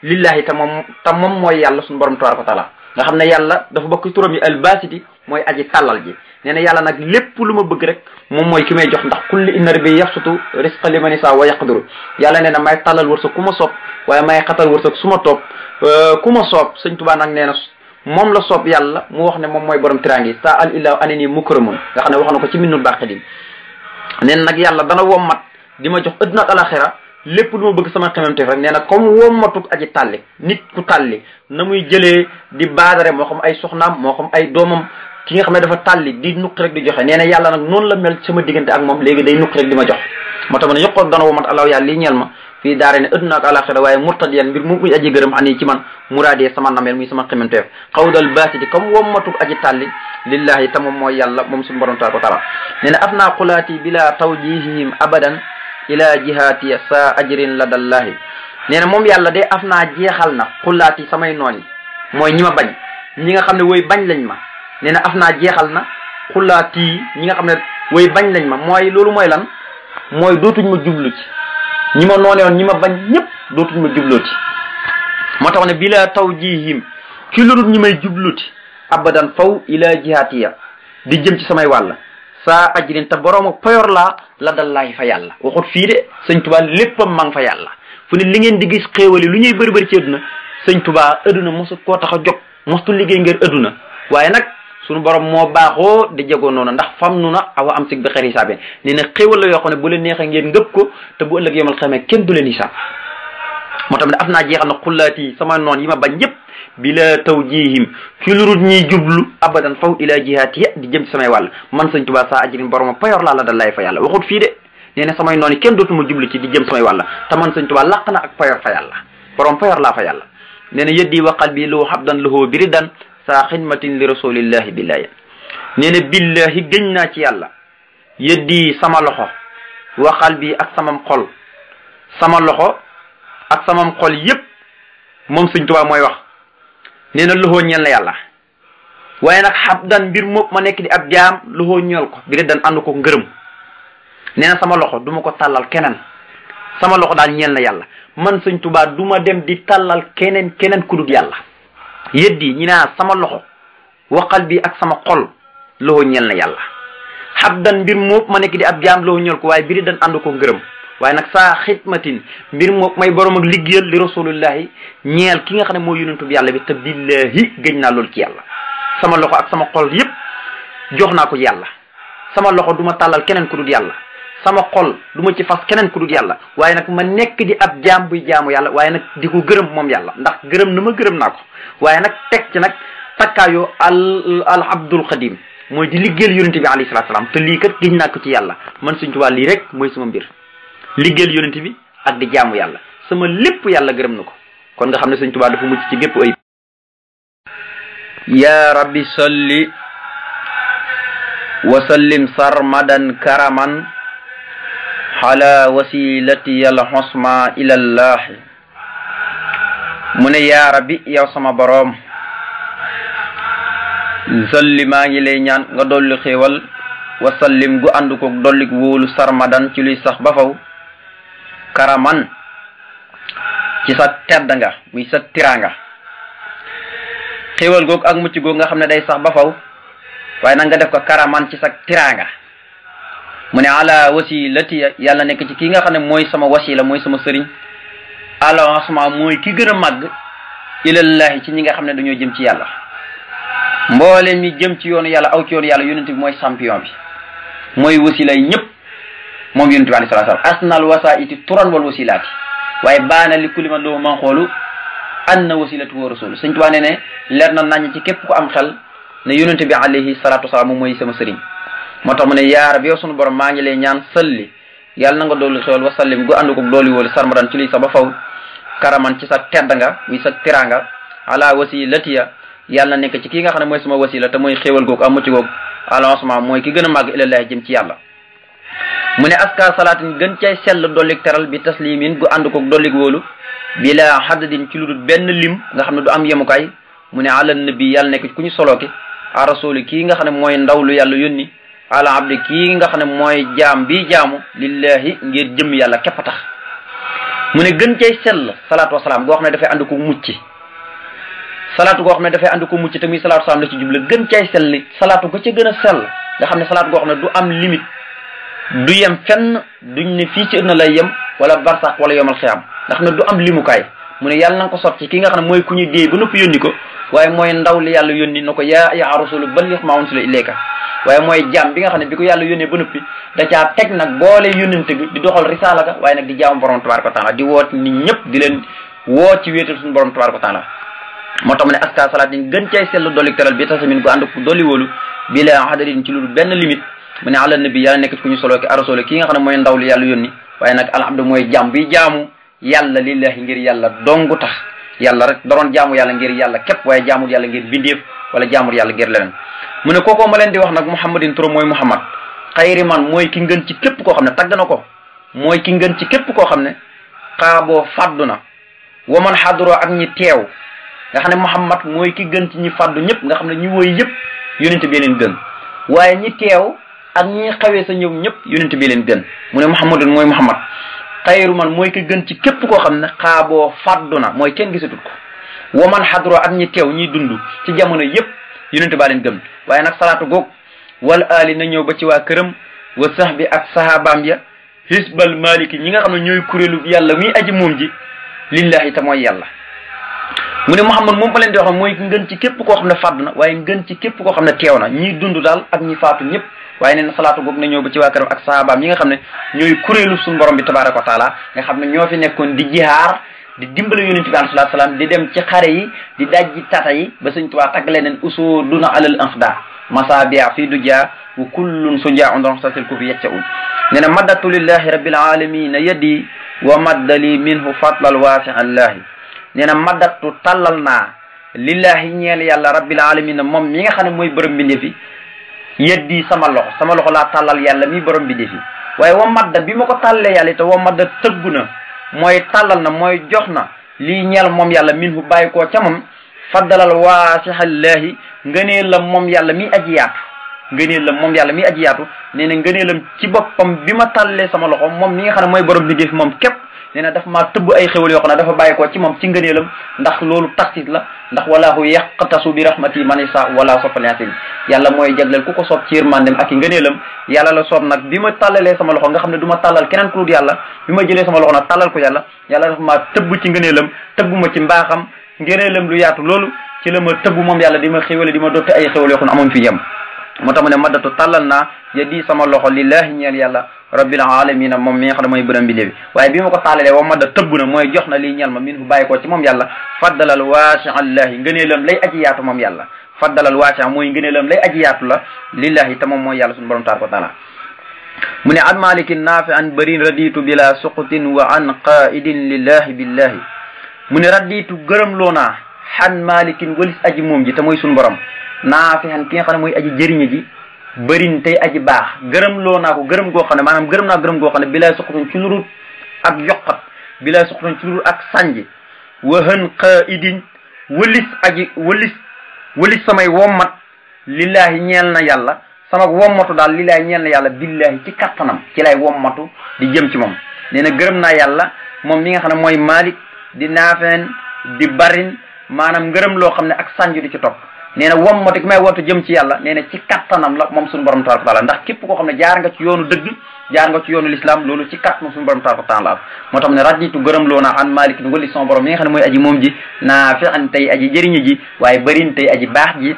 lillahi te moom te moom mooy yàlla suñu borom a wa taala nga xam ne yàlla dafa bokk turam yi al baasiti mooy aji tàllal ji nee na yàlla nag lépp lu ma bëgg rek moom mooy ki may jox ndax kulli inna rabbi yabsutu risqa liman yashaa wa yaqdiru yàlla nee na may tàllal sa ku ma soob waaye may xatal wërsëg su ma topp euh, ku ma soob sëñ Tuubaa nag nee na moom la soob yàlla wax ne moom mooy borom tiraangi saa al illahu anani mukramun nga xam ne wax na ko ci minnul baaxidin neen nag yàlla dana wommat di ma jox adduna ak alaxira lépp lu ma bëgg sama xememteef rek nee na comme wommatuk aji tàlli nit ku tàlli na muy jëlee di baadare moo xam ay soxnaam moo xam ay doomam ki nga xam ne dafa tàlli di nuqi rek di joxe nee na yàlla nag noonu la mel sama diggante ak moom léegi day nuqi rek di ma jox moo tax ma ne yokkoon dana womat allahu yàlla lii ñeel ma fii daare ne adduna ak alaxira waaye murtadiyan mbir mu muy aji gërëm ani ci man muraadee sama nameel muy sama ximanteef xawdal baasiti comme wommatug aji tàlli lillahi ta moom mooy yalla moom suñu borom tabaraka wa taala nee na af naa xulaati bila tawjihihim abadan ila jihaatiya sa ajrin ladallahi nee na moom yàlla de af naa jeexal na xulaati samay noon yi mooy ñi ma bañ ñi nga xam ne woy bañ lañ ma nee na af naa jeexal na xulaati ñi nga xam ne woy bañ lañ ma mooy loolu mooy lan mooy dootuñ ma jublu ci ñi ma noone ñi ma bañ ñëpp dootuñ ma jubluti moo tax ne taw tawjihim ci lu dul ñi may jubluti abadan faw ila ya di jëm ci samay wàll saa ajrin te boroomu payor laa la dal laay fa yàlla waxut fii de sëñ tubaa léppam ma fa yàlla fu ne li ngeen di gis xéewali lu ñuy bëri bëri ci adduna sëñ tubaa adduna mosut koo tax a jóg mosutu liggéey ngir adduna waaye nag sunu borom moo baaxoo di jegoo noonu ndax fam nu na awa am sig bi xer xisaabeen nee la yoo xam ne bu leen neexee ngeen ngëb ko te bu ëllëg yomal xamee kenn du leen xisaab moo tax ne naa jeexal na xullaati sama noon yi ma bañ yëpp bila tawjihim ci lurut ñiy jublu abadan faw ila jihaati ya di jëm ci samay wàll man sëñ Tuubaa saa ajirin boroma payor laa la da lay fa yàlla waxut fii de nee na samay noonu kenn dootuma jublu ci di jëm samay wàll te man sëñ Tuubaa làq na ak payor fa yàlla borom payor laa fa yàlla nee na dan saa xidmatin li rasulillahi billahi nee na billahi gëñ naa ci yàlla yëddi sama loxo waxal bi ak samam xol sama loxo ak samam xol yépp moom Sëñ Tuubaa mooy wax nee na loxoo ñeel na yàlla waaye nag xab dan mbir moom ma nekk di ab jaam loxoo ñeel ko bi dan ànd ko ngërëm nee sama loxo duma ko tàllal keneen sama loxo daal ñeel na yàlla man Sëñ Tuubaa duma dem di tàllal keneen keneen ku dul yàlla yëddi ñi naa sama loxo waqal bi ak sama xol loxo ñeel na yàlla xabdan mbir moop ma nekk di ab jaam loxo ñeel ko waaye biri dan ànd ko ngërëm waaye nag saa xidmatin mbir moop may borom ak liggéeyal li rasulullahi ñeel ki nga xam ne moo yonentu bi yàlla bi te billahi gëñ naa loolu ci yàlla sama loxo ak sama xol yépp jox naa ko yàlla sama loxo duma tàllal keneen ku dul yàlla sama xol du ma ci fas keneen ku dul yàlla waaye nag ma nekk di ab jaam buy jaamu yàlla waaye nag di ko gërëm moom yàlla ndax gërëm na ma gërëm naa waaye nag teg ci nag takkaayu al al abdul xadim mooy di liggéeyal lii kat naa ko ci yàlla man suñ tubaa lii rek mooy sama mbir liggéeyal yonente bi ak di jaamu yàlla sama lépp yàlla gërëm na ko kon nga xam ne suñ tubaa dafa mucc ci gépp ayib ya rabbi salli wa sallim sarmadan karaman ala wasilati al xosma ilallahi mu ne yaara bi yow sama boroom solli maa ngi lay ñaan nga dolli xéewal wasallim gu ànd ko dollik wóolu sarmadan ci luy sax ba faw karaman ci sa tedd muy sa tiraanga xéewal googu ak mucc googu nga xam ne day sax ba faw waaye nag nga def ko karaman ci sa tiraanga mu ne ala wasilati yàlla nekk ci kii nga xam ne mooy sama wasila mooy sama sëriñ avancement mooy ki gën a màgg ilallahi ci ñi nga xam ne dañoo jëm ci yàlla mboole ñi jëm ci yoonu yàlla aw ci yoonu yàlla yonent bi mooy champion bi mooy wasilay ñëpp moom yonent bi alei salatu salam asnal wasaiti turan wal wasilaati waaye baana li kulli man loo man xoolu an na wasilatu wa rasul sëñ Tuubaa nee ne leer na nañ ci képp ku am xel ne yonent bi alayhi salatu wasalaam moom mooy sama sëriñ moo tax mu ne yaa Rabbi yow sunu borom maa ngi lay ñaan salli yàlla na nga doolu xewal wa sallim gu ànd ko doolu wóolu sarmadan ci lii sa ba faw karaman ci sa tedd mi sa tiraanga ala wasilatiya yàlla na nekk ci kii nga xam ne mooy sama wasila te mooy xéewal googu am mucc googu alancement mooy ki gën a màgg ilallahi jëm ci yàlla mu ne askar salaatin gën cay sell dollik teral bi taslimin gu ànd koog dollik wóolu bi la xaddadin ci lu dul benn lim nga xam ne du am yemukaay mu ne àlan nabi yàlla nekk ku ñu solooki a rasuli kii nga xam ne mooy ndaw lu yàlla yónni ala abdi kii nga xam ne mooy jaam bi jaamu lillahi ngir jëm yàlla képp tax mu ne gën cee sell salaatu salaam goo xam ne dafay ànd ko mucc salaatu goo xam ne dafay ànd ko mucc te muy salaatu salaam la ci jublu gën cee sell salaatu ko ca gën a sell nga xam ne salaatu goo xam ne du am limite du yem fenn duñ ne fii ci na lay yem wala barsax wala yomal xiyaam nga xam ne du am limukaay mu ne yàlla na nga ko sot ci ki nga xam ne mooy ku ñu déey ba noppi yónni ko waaye mooy ndaw li yàlla yónni na ko yaa ayyuha ba noppi da caa teg nag boole yónnante wa taala di woot nit ñëpp di leen woo ci wéetal suñu borom tabaraka wa taala moo tax mu ne aska salaat gën cay seetlu dolli teral bi tasamin ko ànd dolli wóolu bi la xadarin ci lu benn limite mu ne ala nabi yàlla nekk ku ñu solo ki arasolo ki nga xam ne mooy ndaw li yàlla yónni waaye nag al yàlla lillahi ngir yàlla dongu tax yàlla rek daroon jaamu yàlla ngir yàlla képp waaye jaamul yàlla ngir bindeef wala jaamul yàlla ngir leneen mu ne kookoo ma leen di wax nag muhammadin turam mooy muhammad xayri man mooy ki ngën ci képp koo xam ne tagg na ko mooy ki ngën ci képp koo xam ne xaaboo fàddu na woo man xaduroo ak ñi teew nga xam ne muhammad mooy ki gën ci ñi fàddu ñëpp nga xam ne ñi woy yëpp yonente bi leen gën waaye ñi teew ak ñi xawee sa ñëw ñëpp yonente bi leen gën mu ne muhammadun mooy muhammad xayru man mooy ki gën ci képp koo xam ne xaaboo fàddu mooy kenn gisatut ko wa man xadroo ak ñi teew ñiy dund ci jamono yépp yonente baa leen gëm waaye nag salaatu goog wal aali na ñëw ba ci waa këram wa sax bi ak sahabaam ya hisbal maliki ñi nga xam ne ñooy kuréelu yàlla muy aji moom ji lillahi te mooy yàlla mu ne Muhammad moom ma leen di wax mooy gën ci képp koo xam ne fàdd na waaye ngën ci képp koo xam ne teew na ñiy dund daal ak ñi faatu ñëpp waaye neen salaatu googu na ñëw ba ci waa ak saabaam yi nga xam ne ñooy kuréelu suñu borom bi tabaraka wa taala nga xam ne ñoo fi nekkoon di jihaar di dimbale yonent bi alayhi salaam di dem ci xare yi di dajji tata yi ba sëñ Tuubaa taggalee neen usuduna alal inqda masabia fii duja wa kullun sunjaa undon satil kufi yeccaun ne na maddatu lillahi rabbil alamina yadi wa maddali minhu fadlal waasiallahi ne na maddattu tallal naa lillahi ñeel yàlla rabbil alamina moom mi nga xam ne mooy bërëm mbindeefi yeddi sama loxo sama loxo laa tàllal yàlla mi borom bi defi waaye wa madda bi ma ko tàllalee yàlla te wa madda tëggu na mooy tàllal na mooy jox na lii ñeel moom yàlla minhu bàyyi koo ca moom faddalal waasihallaahi ngëneel la moom yàlla mi aji yaatu ngëneel la moom yàlla mi aji yaatu nee na ngëneelam ci boppam bi ma tàllee sama loxo moom mi nga xam ne mooy borom bi defi moom képp nee na dafa maa tëb ay xéwal yoo xam ne dafa bàyyi ko ci moom ci ngëneelam ndax loolu taxis la ndax walaahu yaqtasu bi rahmati man isa wala soppaliasin yàlla mooy jagleel ku ko soob ci yërmandem ak i ngëneelam yàlla la soob nag bi ma tàllalee sama loxo nga xam ne duma tàllal keneen ku dul yàlla bi ma jëlee sama loxo nag tàllal ko yàlla yàlla dafa maa tëbb ci ngëneelam tëbb ma ci mbaaxam ngëneelam lu yaatu loolu ci la ma tëbb moom yàlla di ma xéwale di ma dotte ay xéwal yoo xam ne yem moo tax mu ne maddatu tàllal na yadi sama loxo lillahi ñeel yàlla rabbil alamina moom mi nga xam ne mooy bërëm bi léegi waaye bi ma ko tàllalee wa madda tëbb na mooy jox na lii ñeel ma min fu bàyyi ko ci moom yàlla faddalal waasiallahi ngëneelam lay aji yaatu moom yàlla faddalal waasia mooy ngëneelam lay aji yaatu la lillahi te moom mooy yàlla suñu borom tabaraka wa taala mu ne an malikin naafi an bërin raditu bila suqutin wa an qaidin lillahi billahi mu ne raditu gërëm loo naa an malikin walis aji moom ji te mooy suñu borom naafixan ki nga xam ne muy aji jëriñe ji bërin tey aji baax gërëm loo naa ko gërëm goo xam ne maanaam gërëm naa gërëm goo xam ne bilay suqutun ci lurut ak yoqat bilay suqutun ci lurut ak sànj waxën xa idin wëlis aji wëlis wëlis samay wommat lillaahi ñeel na yàlla sama wommatu daal lillaahi ñeel na yàlla billaahi ci kattanam ci lay wommatu di jëm ci moom nee na gërëm naa yàlla moom mi nga xam ne mooy maalik di naafeen di barin maanaam ngërëm loo xam ne ak sànju di ci topp nee na wommatu gi may woote jëm ci yàlla nee na ci kattanam la moom suñu borom tabaraka taala ndax képp koo xam ne jaar nga ci yoonu dëgg jaar nga ci yoonu l'islam loolu ci kat moom suñu borom tabaraka taala am moo tax ne rajnitu gërëm loo naa an malik ni wali son borom mi nga xam aji moom ji naa fi an aji jëriñu ji waaye bërin tey aji baax ji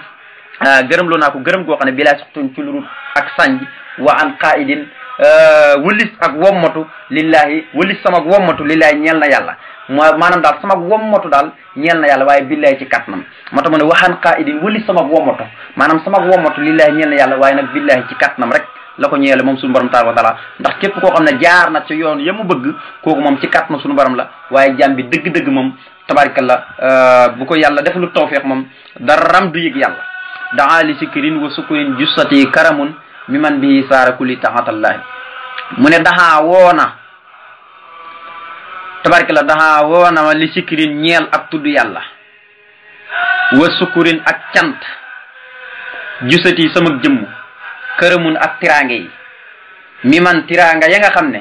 ah, gërëm loo naa ko gërëm goo xam ne bilaa suxtun ci lurut ak sànj wa an qaidin Euh, wëllis ak wommatu lillahi wëllis sama wommatu lillahi ñeel na yàlla ma maanaam daal sama wommatu daal ñeel yàlla waaye billahi ci kattanam moo tax mu ne waxaan qaa'idin wëllis sama wommatu maanaam sama wommatu lillahi ñeel na yàlla waaye nag billahi ci kattanam rek la ko ñeele moom suñu borom tabaraka wa taala ndax képp ko xam ne jaar na ci yoon ya mu bëgg kooku moom ci kàttanu suñu borom la waaye jàmm bi dëgg-dëgg moom tabarakallah euh, bu ko yàlla defalu tawfiq moom daram du yëg yàlla daali sikkirin mi man bii saara kulli taxatallahi mu ne daxaa woona tabarki la daxaa woona ma li sikkirin ñeel ak tudd yàlla wa sukkurin ak cant jusati sama jëmm këramun ak tiraange yi mi man tiraanga ya nga xam ne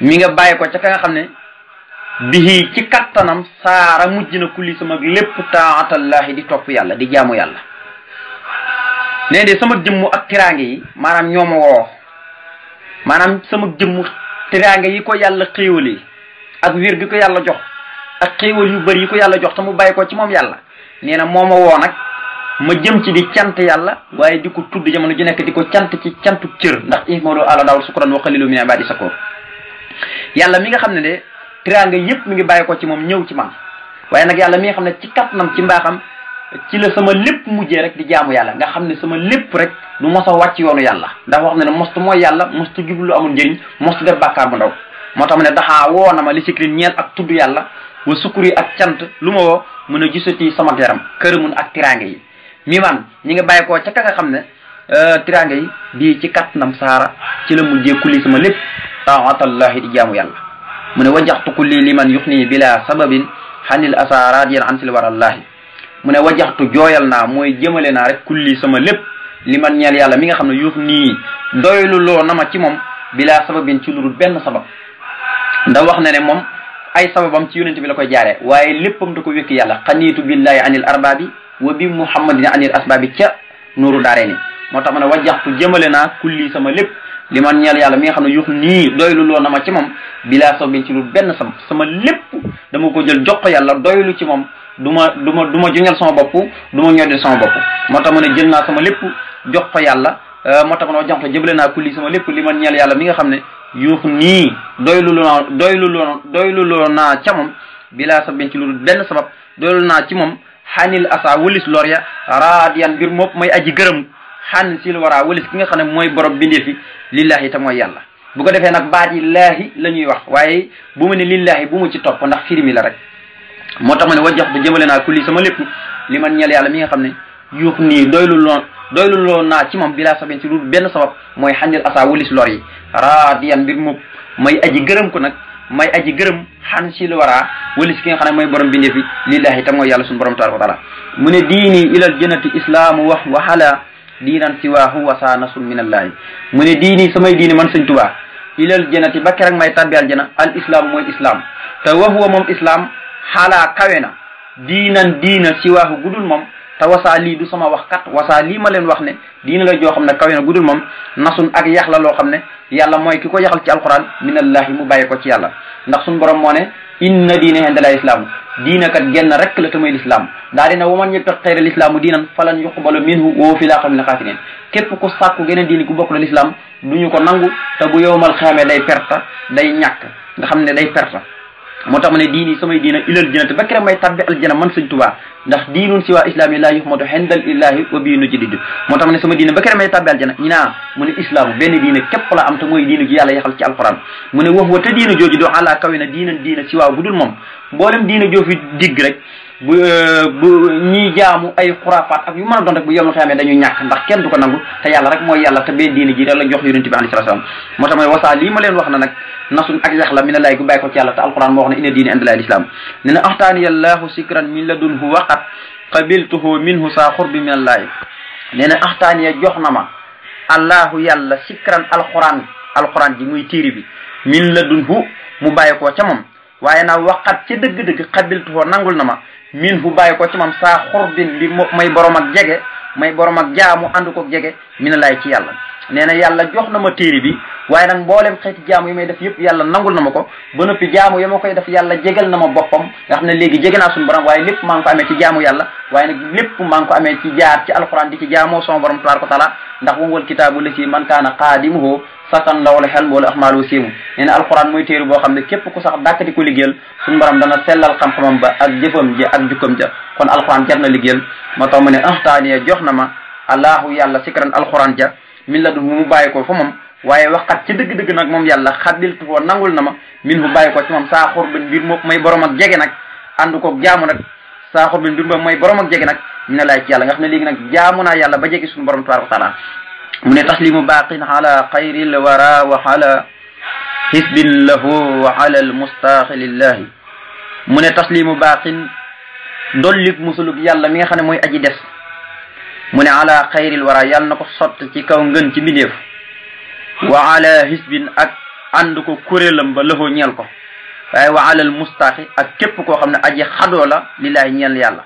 mi nga bàyyi ko ca ka nga xam ne bihi ci kattanam saara mujj na kulli sama lépp taatallahi di topp yàlla di jaamu yàlla nee de sama jëmmu ak tiraange yi maanaam ñoo ma woo maanaam sama jëmmu tiraange yi ko yàlla yi ak wér gi ko yàlla jox ak xéewal yu bari yi ko yàlla jox te mu bàyyi ko ci moom yàlla nee na moo ma woo nag ma jëm ci di cant yàlla waaye di ko tudd jamono ji nekk di ko cant ci cantu cër ndax ihmadu ala daawul sukran wa qalilu min ibadi sakoor yàlla mi nga xam ne de tiraanga yépp mi ngi bàyyi ko ci moom ñëw ci man waaye nag yàlla mi xam ne ci kattanam ci mbaaxam ci la sama lépp mujjee rek di jaamu yàlla nga xam ne sama lépp rek du mos a wàcc yoonu yàlla ndax wax ne ne mostu mooy yàlla mostu jublu amul njëriñ mostu def bàkkaar bu ndaw moo tax mu ne daxaa woo na ma li sikrin ñeel ak tudd yàlla wa sukkur yi ak cant lu ma woo mun a gisati sama deram këramun ak tiraange yi mi man ñi nga bàyyi koo ca ka nga xam ne euh, tiraange yi bii ci kattanam saara ci la mujjee kulli sama lépp taatallahi di jaamu yàlla mu ne wajaxtu kulli liman yuxni bila sababin xanil asaaraat yéen an sil warallahi mu ne wajaxtu jooyal naa mooy jëmale naa rek kulli sama lépp li man ñeel yàlla mi nga xam ne yuuf nii doylu loo na ma ci moom bilaa sababin ci lurul benn sabab ndax wax na ne moom ay sababam ci yonente bi koy jaare waaye léppam da ko wékki yàlla xaniitu billahi anil arbaabi wa bi muhammadin anil asbaabi ca nuuru daare ni moo tax ma ne wajaxtu jëmale naa kulli sama lépp li man ñeel yàlla mi nga xam ne yuuf nii doylu loo na ma ci moom bilaa sababin ci lurul benn sabab sama lépp dama ko jël jox ko yàlla doylu ci moom du ma du ma du ma juñal sama bopp du ma ñoddi sama bopp moo tax mu ne jël naa sama lépp jox ko yàlla euh, moo tax ma jox ko jëbale naa kulli sama lépp li ma ñeel yàlla mi nga xam ne yuux nii doylu loo doylu loo doylu loo naa ca moom bilaa sabin ci benn sabab doylu naa ci moom xanil asa wëlis lor ya raadiyan mbir moop may aji gërëm xann sil waraa walis ki nga xam ne mooy borom bindee fi lillahi te mooy yàlla bu ko defee nag baat yi laahi la ñuy wax waaye bu mu ne lillahi bu mu ci topp ndax firimi la rek moo tax ma ne wajjax bu jëmale naa kulli sama lépp li man ñeel yàlla mi nga xam ne yuux nii doylu loon doylu loo naa ci moom bilaa sabin si lu benn sabab mooy xanjal asa wulis lor yi raadiyan mbir mu may aji gërëm ko nag may aji gërëm xan si lu waraa walis ki nga xam ne mooy borom bindee fi lillahi tam mooy yàlla suñu borom tabaraka wa taala mu ne diini ilal jannati islaamu wax waxala diinan si waa waahu wasaa nasun min allahi mu ne diini samay diini man sëñ tubaa ilal jannati ba keroog may tabbi aljana al islam mooy islam te wax wa moom islam xaalaa kawe na diinan diina ci waaxu gudul moom te wasaa lii du sama wax kat wasaa lii ma leen wax ne diina la joo xam ne kawe na gudul moom nasun ak yax la loo xam ne yàlla mooy ki ko yaxal ci alquran minallahi mu bàyyi ko ci yàlla ndax suñu borom moo ne inna diina inda la islaamu diina kat genn rek la te muy lislaam daa dina waman yëg tot xeyra lislaamu diinan falan yuqbalu minhu woo fi laa xam ne xaafiriin képp ku sàkku geneen diini ku bokk la lislaam ñu ko nangu te bu yowmal xeamee day perta day ñàkk nga xam ne day perta moo tax ma ne diini samay diina ilal jannati ba kere may tabbi aljana man sëñ tubaa ndax diinun si waa islam yi laa yuhmadu xendal illahi wa bii nu jadid moo tax ma ne sama diina ba kere may tabbi aljana ñu naa mu ne islaam benn diina képp la am te mooy diina gi yàlla yaxal ci alquran mu ne wax wa te diina jooju doo ala kawe na diinan diina si waaw bu dul diina joo digg rek bu euh, bu ñiy jaamu ay xuraafaat ak yu mën a doon rek bu yomal xeamee dañuy ñàkk ndax kenn du ko nangu te yàlla rek mooy yàlla te bee diini ji rek la jox yonent bi alayhi salaam moo tax mooy wasaa lii ma leen wax na nag nasun ak yax la mi ne gu bàyyi ko ci yàlla te alquran moo wax ne inna diini inda lahi lislaam ne na axtaani allahu sikran min ladunhu waqat qabiltuhu minhu saa xurbi min allahi nee na axtaani ya jox na ma allahu yàlla sikran alquran alquran ji muy tiiri bi min ladunhu mu bàyyi ko ca moom waaye na waqat ci dëgg-dëgg xabiltuhoo nangul na ma min hu bàyyi ko ci mam saa xurbin li may borom ak jege may borom ak jaamu ànd ko jege mi ne laay ci yàlla nee na yàlla jox na ma téere bi waaye nag mboolem xeeti jaamu yi may def yëpp yàlla nangul na ko ba noppi jaamu yi ma koy def yàlla jegal na ma boppam nga xam ne léegi jege naa suñu borom waaye lépp maa ngi ko amee ci jaamu yàlla waaye nag lépp maa ngi ko amee ci jaar ci alxuraan di ci jaamoo sama borom tabaaraka wa taala ndax wam wal kitaabu la ci man kaana qaadimuhu sakan lawala xel mboolu ahmaalu siimu nee na alxuraan mooy téere boo xam ne képp ku sax dàkk di ko liggéeyal suñu borom dana sellal xam-xamam ba ak jëfam ji ak jukkam ja kon alxuraan jar na liggéeyal moo tax mu ne ahtaaniya jox na allahu yàlla sikran alxuraan ja min la du mu bàyyi ko fa moom waaye waxat ci dëgg-dëgg nag moom yàlla xaddiltu foo nangul na ma min mu bàyyi ko ci moom saa xor ben mbir may borom ak jege nag ànd ko jaamu nag saa xor ben mbir may borom ak jege nag mi ne laay nga xam ne léegi nag jaamu naa yàlla ba jege suñu borom tabaraka wa taala mu ne taslimu baqin ala xayril wara wa ala xisbin lahu wa ala almustaaxi lillahi mu ne taslimu baqin dollik musulug yàlla mi nga xam ne mooy aji des mu ne ala xayril wara yàlla na ko sot ci kaw ngën ci mbindeef wa ala hisbin ak ànd ko kuréelam ba lëfoo ñeel ko waaye wa alal mustaaxi ak képp koo xam ne aji xadoo la lillaay ñeel yàlla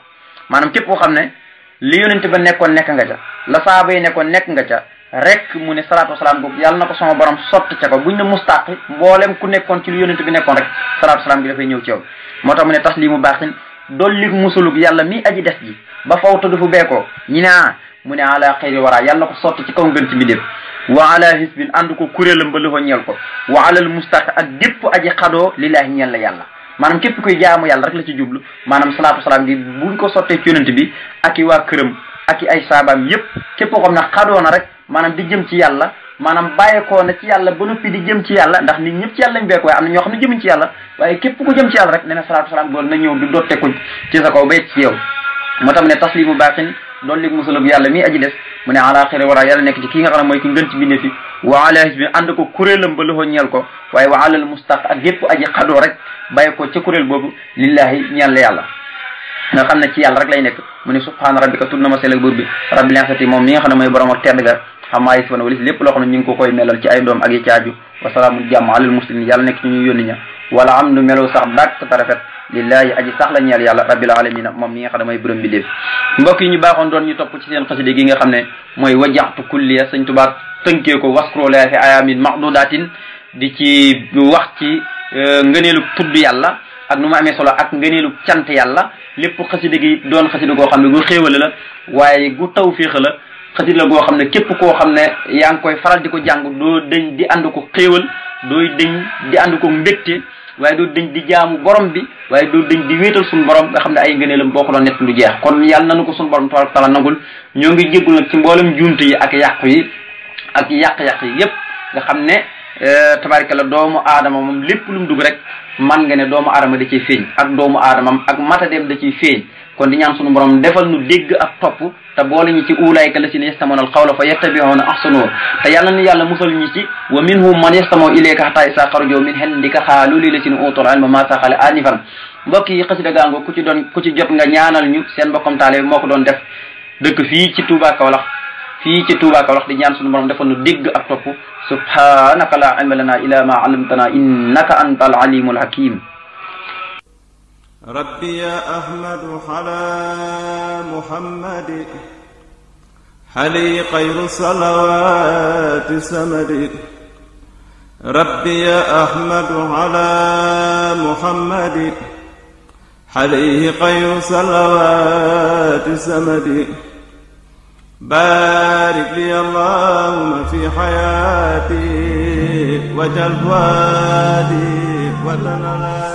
maanaam képp koo xam ne li yonente ba nekkoon nekk nga ca la saaba yi nekkoon nekk nga ca rek mu ne salaatu wasalaam googu yàlla na ko sama borom sotti ca ko buñ ne mustaaqi mboolem ku nekkoon ci lu yonente bi nekkoon rek salaatu wasalaam gi dafay ñëw ci yow moo tax mu ne taslimu baaxin dolli musulug yàlla mi aji des ji ba faw tëdd fu bee ko ne ah mu ne ala xayri wara yàlla na ko sotti ci kaw ngën bi dem wa ala hisbin ànd ko kuréelam ba li ko ñeel ko wa alal mustaq ak gépp aji xadoo lillaahi ñeel la yàlla maanaam képp koy jaamu yàlla rek la ci jublu maanaam salaatu salaam gi buñ ko sottee ci yonent bi ak i waa këram ak i ay saabaam yépp képp ko xam ne xadoo na rek maanaam di jëm ci yàlla maanaam bàyyeekoo na ci yàlla ba noppi di jëm ci yàlla ndax ni ñëpp ci yàlla lañ am na ñoo xam ci yàlla waaye képp ku jëm ci yàlla rek ne na salaatu salaam ñëw du dotte ko ci sa kaw ba yow moo tax mu ne taslimu baaxin doolu léegi musulub yàlla mi aji des mu ne ala xëri war a yàlla nekk ci kii nga xam ne ki ngën ci binde wa ala hisbi ko kuréelam ba loxoo ñeel ko waaye wa alal mustaq ak yépp aji xadoo rek bay ko ci kuréel boobu lillahi ñeel la yàlla nga xam ne ci yàlla rek lay nekk mu ne subhaana rabbika tudd na ma sell ak buur bi rabbil izzati moom mi nga xam ne mooy borom ak tedd ga xammaa yi si wana loo xam ne ñu ngi ko koy melal ci ay doom ak yi caaju wasalaamu jàmm alal muslimin yàlla nekk ci ñu yónni am nu rafet lillaahi aji sax la ñeel yàlla rabbil alamina moom mi nga xam ne mooy borom bi léef mbokk yi nga xam ne mooy wajaxtu kulliya sëñ Tuubaa tënkee ko waskrolaa fi ayamin maxdudatin di ci wax ci euh, ngëneelu tudd yàlla ak nu mu amee solo ak ngëneelu cant yàlla lépp xaside gi doon xaside goo xam ne gu xéewale la waaye gu taw féex la xaside la goo xam ne képp koo xam ne yaa ngi koy faral di ko jàng doo dëñ di ànd ko xéewal dooy dëñ di ànd ko mbégte waaye doo dañ di jaamu borom bi waaye doo dañ di wéetal suñu borom nga xam ne ay ngëneelam boo ko doon nett lu jeex kon yàlla nanu ko suñu borom tabaraka taala nangul ñoo ngi jéggul nag ci mboolem juumte yi ak yàqu yi ak yàq-yàq yi yépp nga xam ne e, tabaraka la doomu aadama moom lépp lu mu dugg rek man nga ne doomu aadama da ciy feeñ ak doomu aadamam ak matadeem da ciy feeñ kon di ñaan sunu borom defal nu dégg ak topp te boole ñu ci ulaayka la si ne yastamaoon alqawla fa yattabiuuna ahsanoo te yàlla na yàlla musal ñu ci wa minhum man yastamoo ilayka xataa isaa xarajoo min xindika xaalu lii la si ne uutul ilma maa saqale anifan mbokk yi xasida gaango ku ci doon ku ci jot nga ñaanal ñu seen mbokkam taale moo ko doon def dëkk fii ci Touba Kaolack fii ci Touba Kaolack di ñaan sunu borom defal nu dégg ak topp subhanaka la ilma lana ila ma alamtana innaka anta al alimul hakim rabbi yaa ahmadu xalaa muhammadi xali xayru salawaati samadi rabbi yaa ahmadu xalaa muhammadi xali xayru salawaati samadi baarik li allahumma fi xayaati wajal waadi wa tanala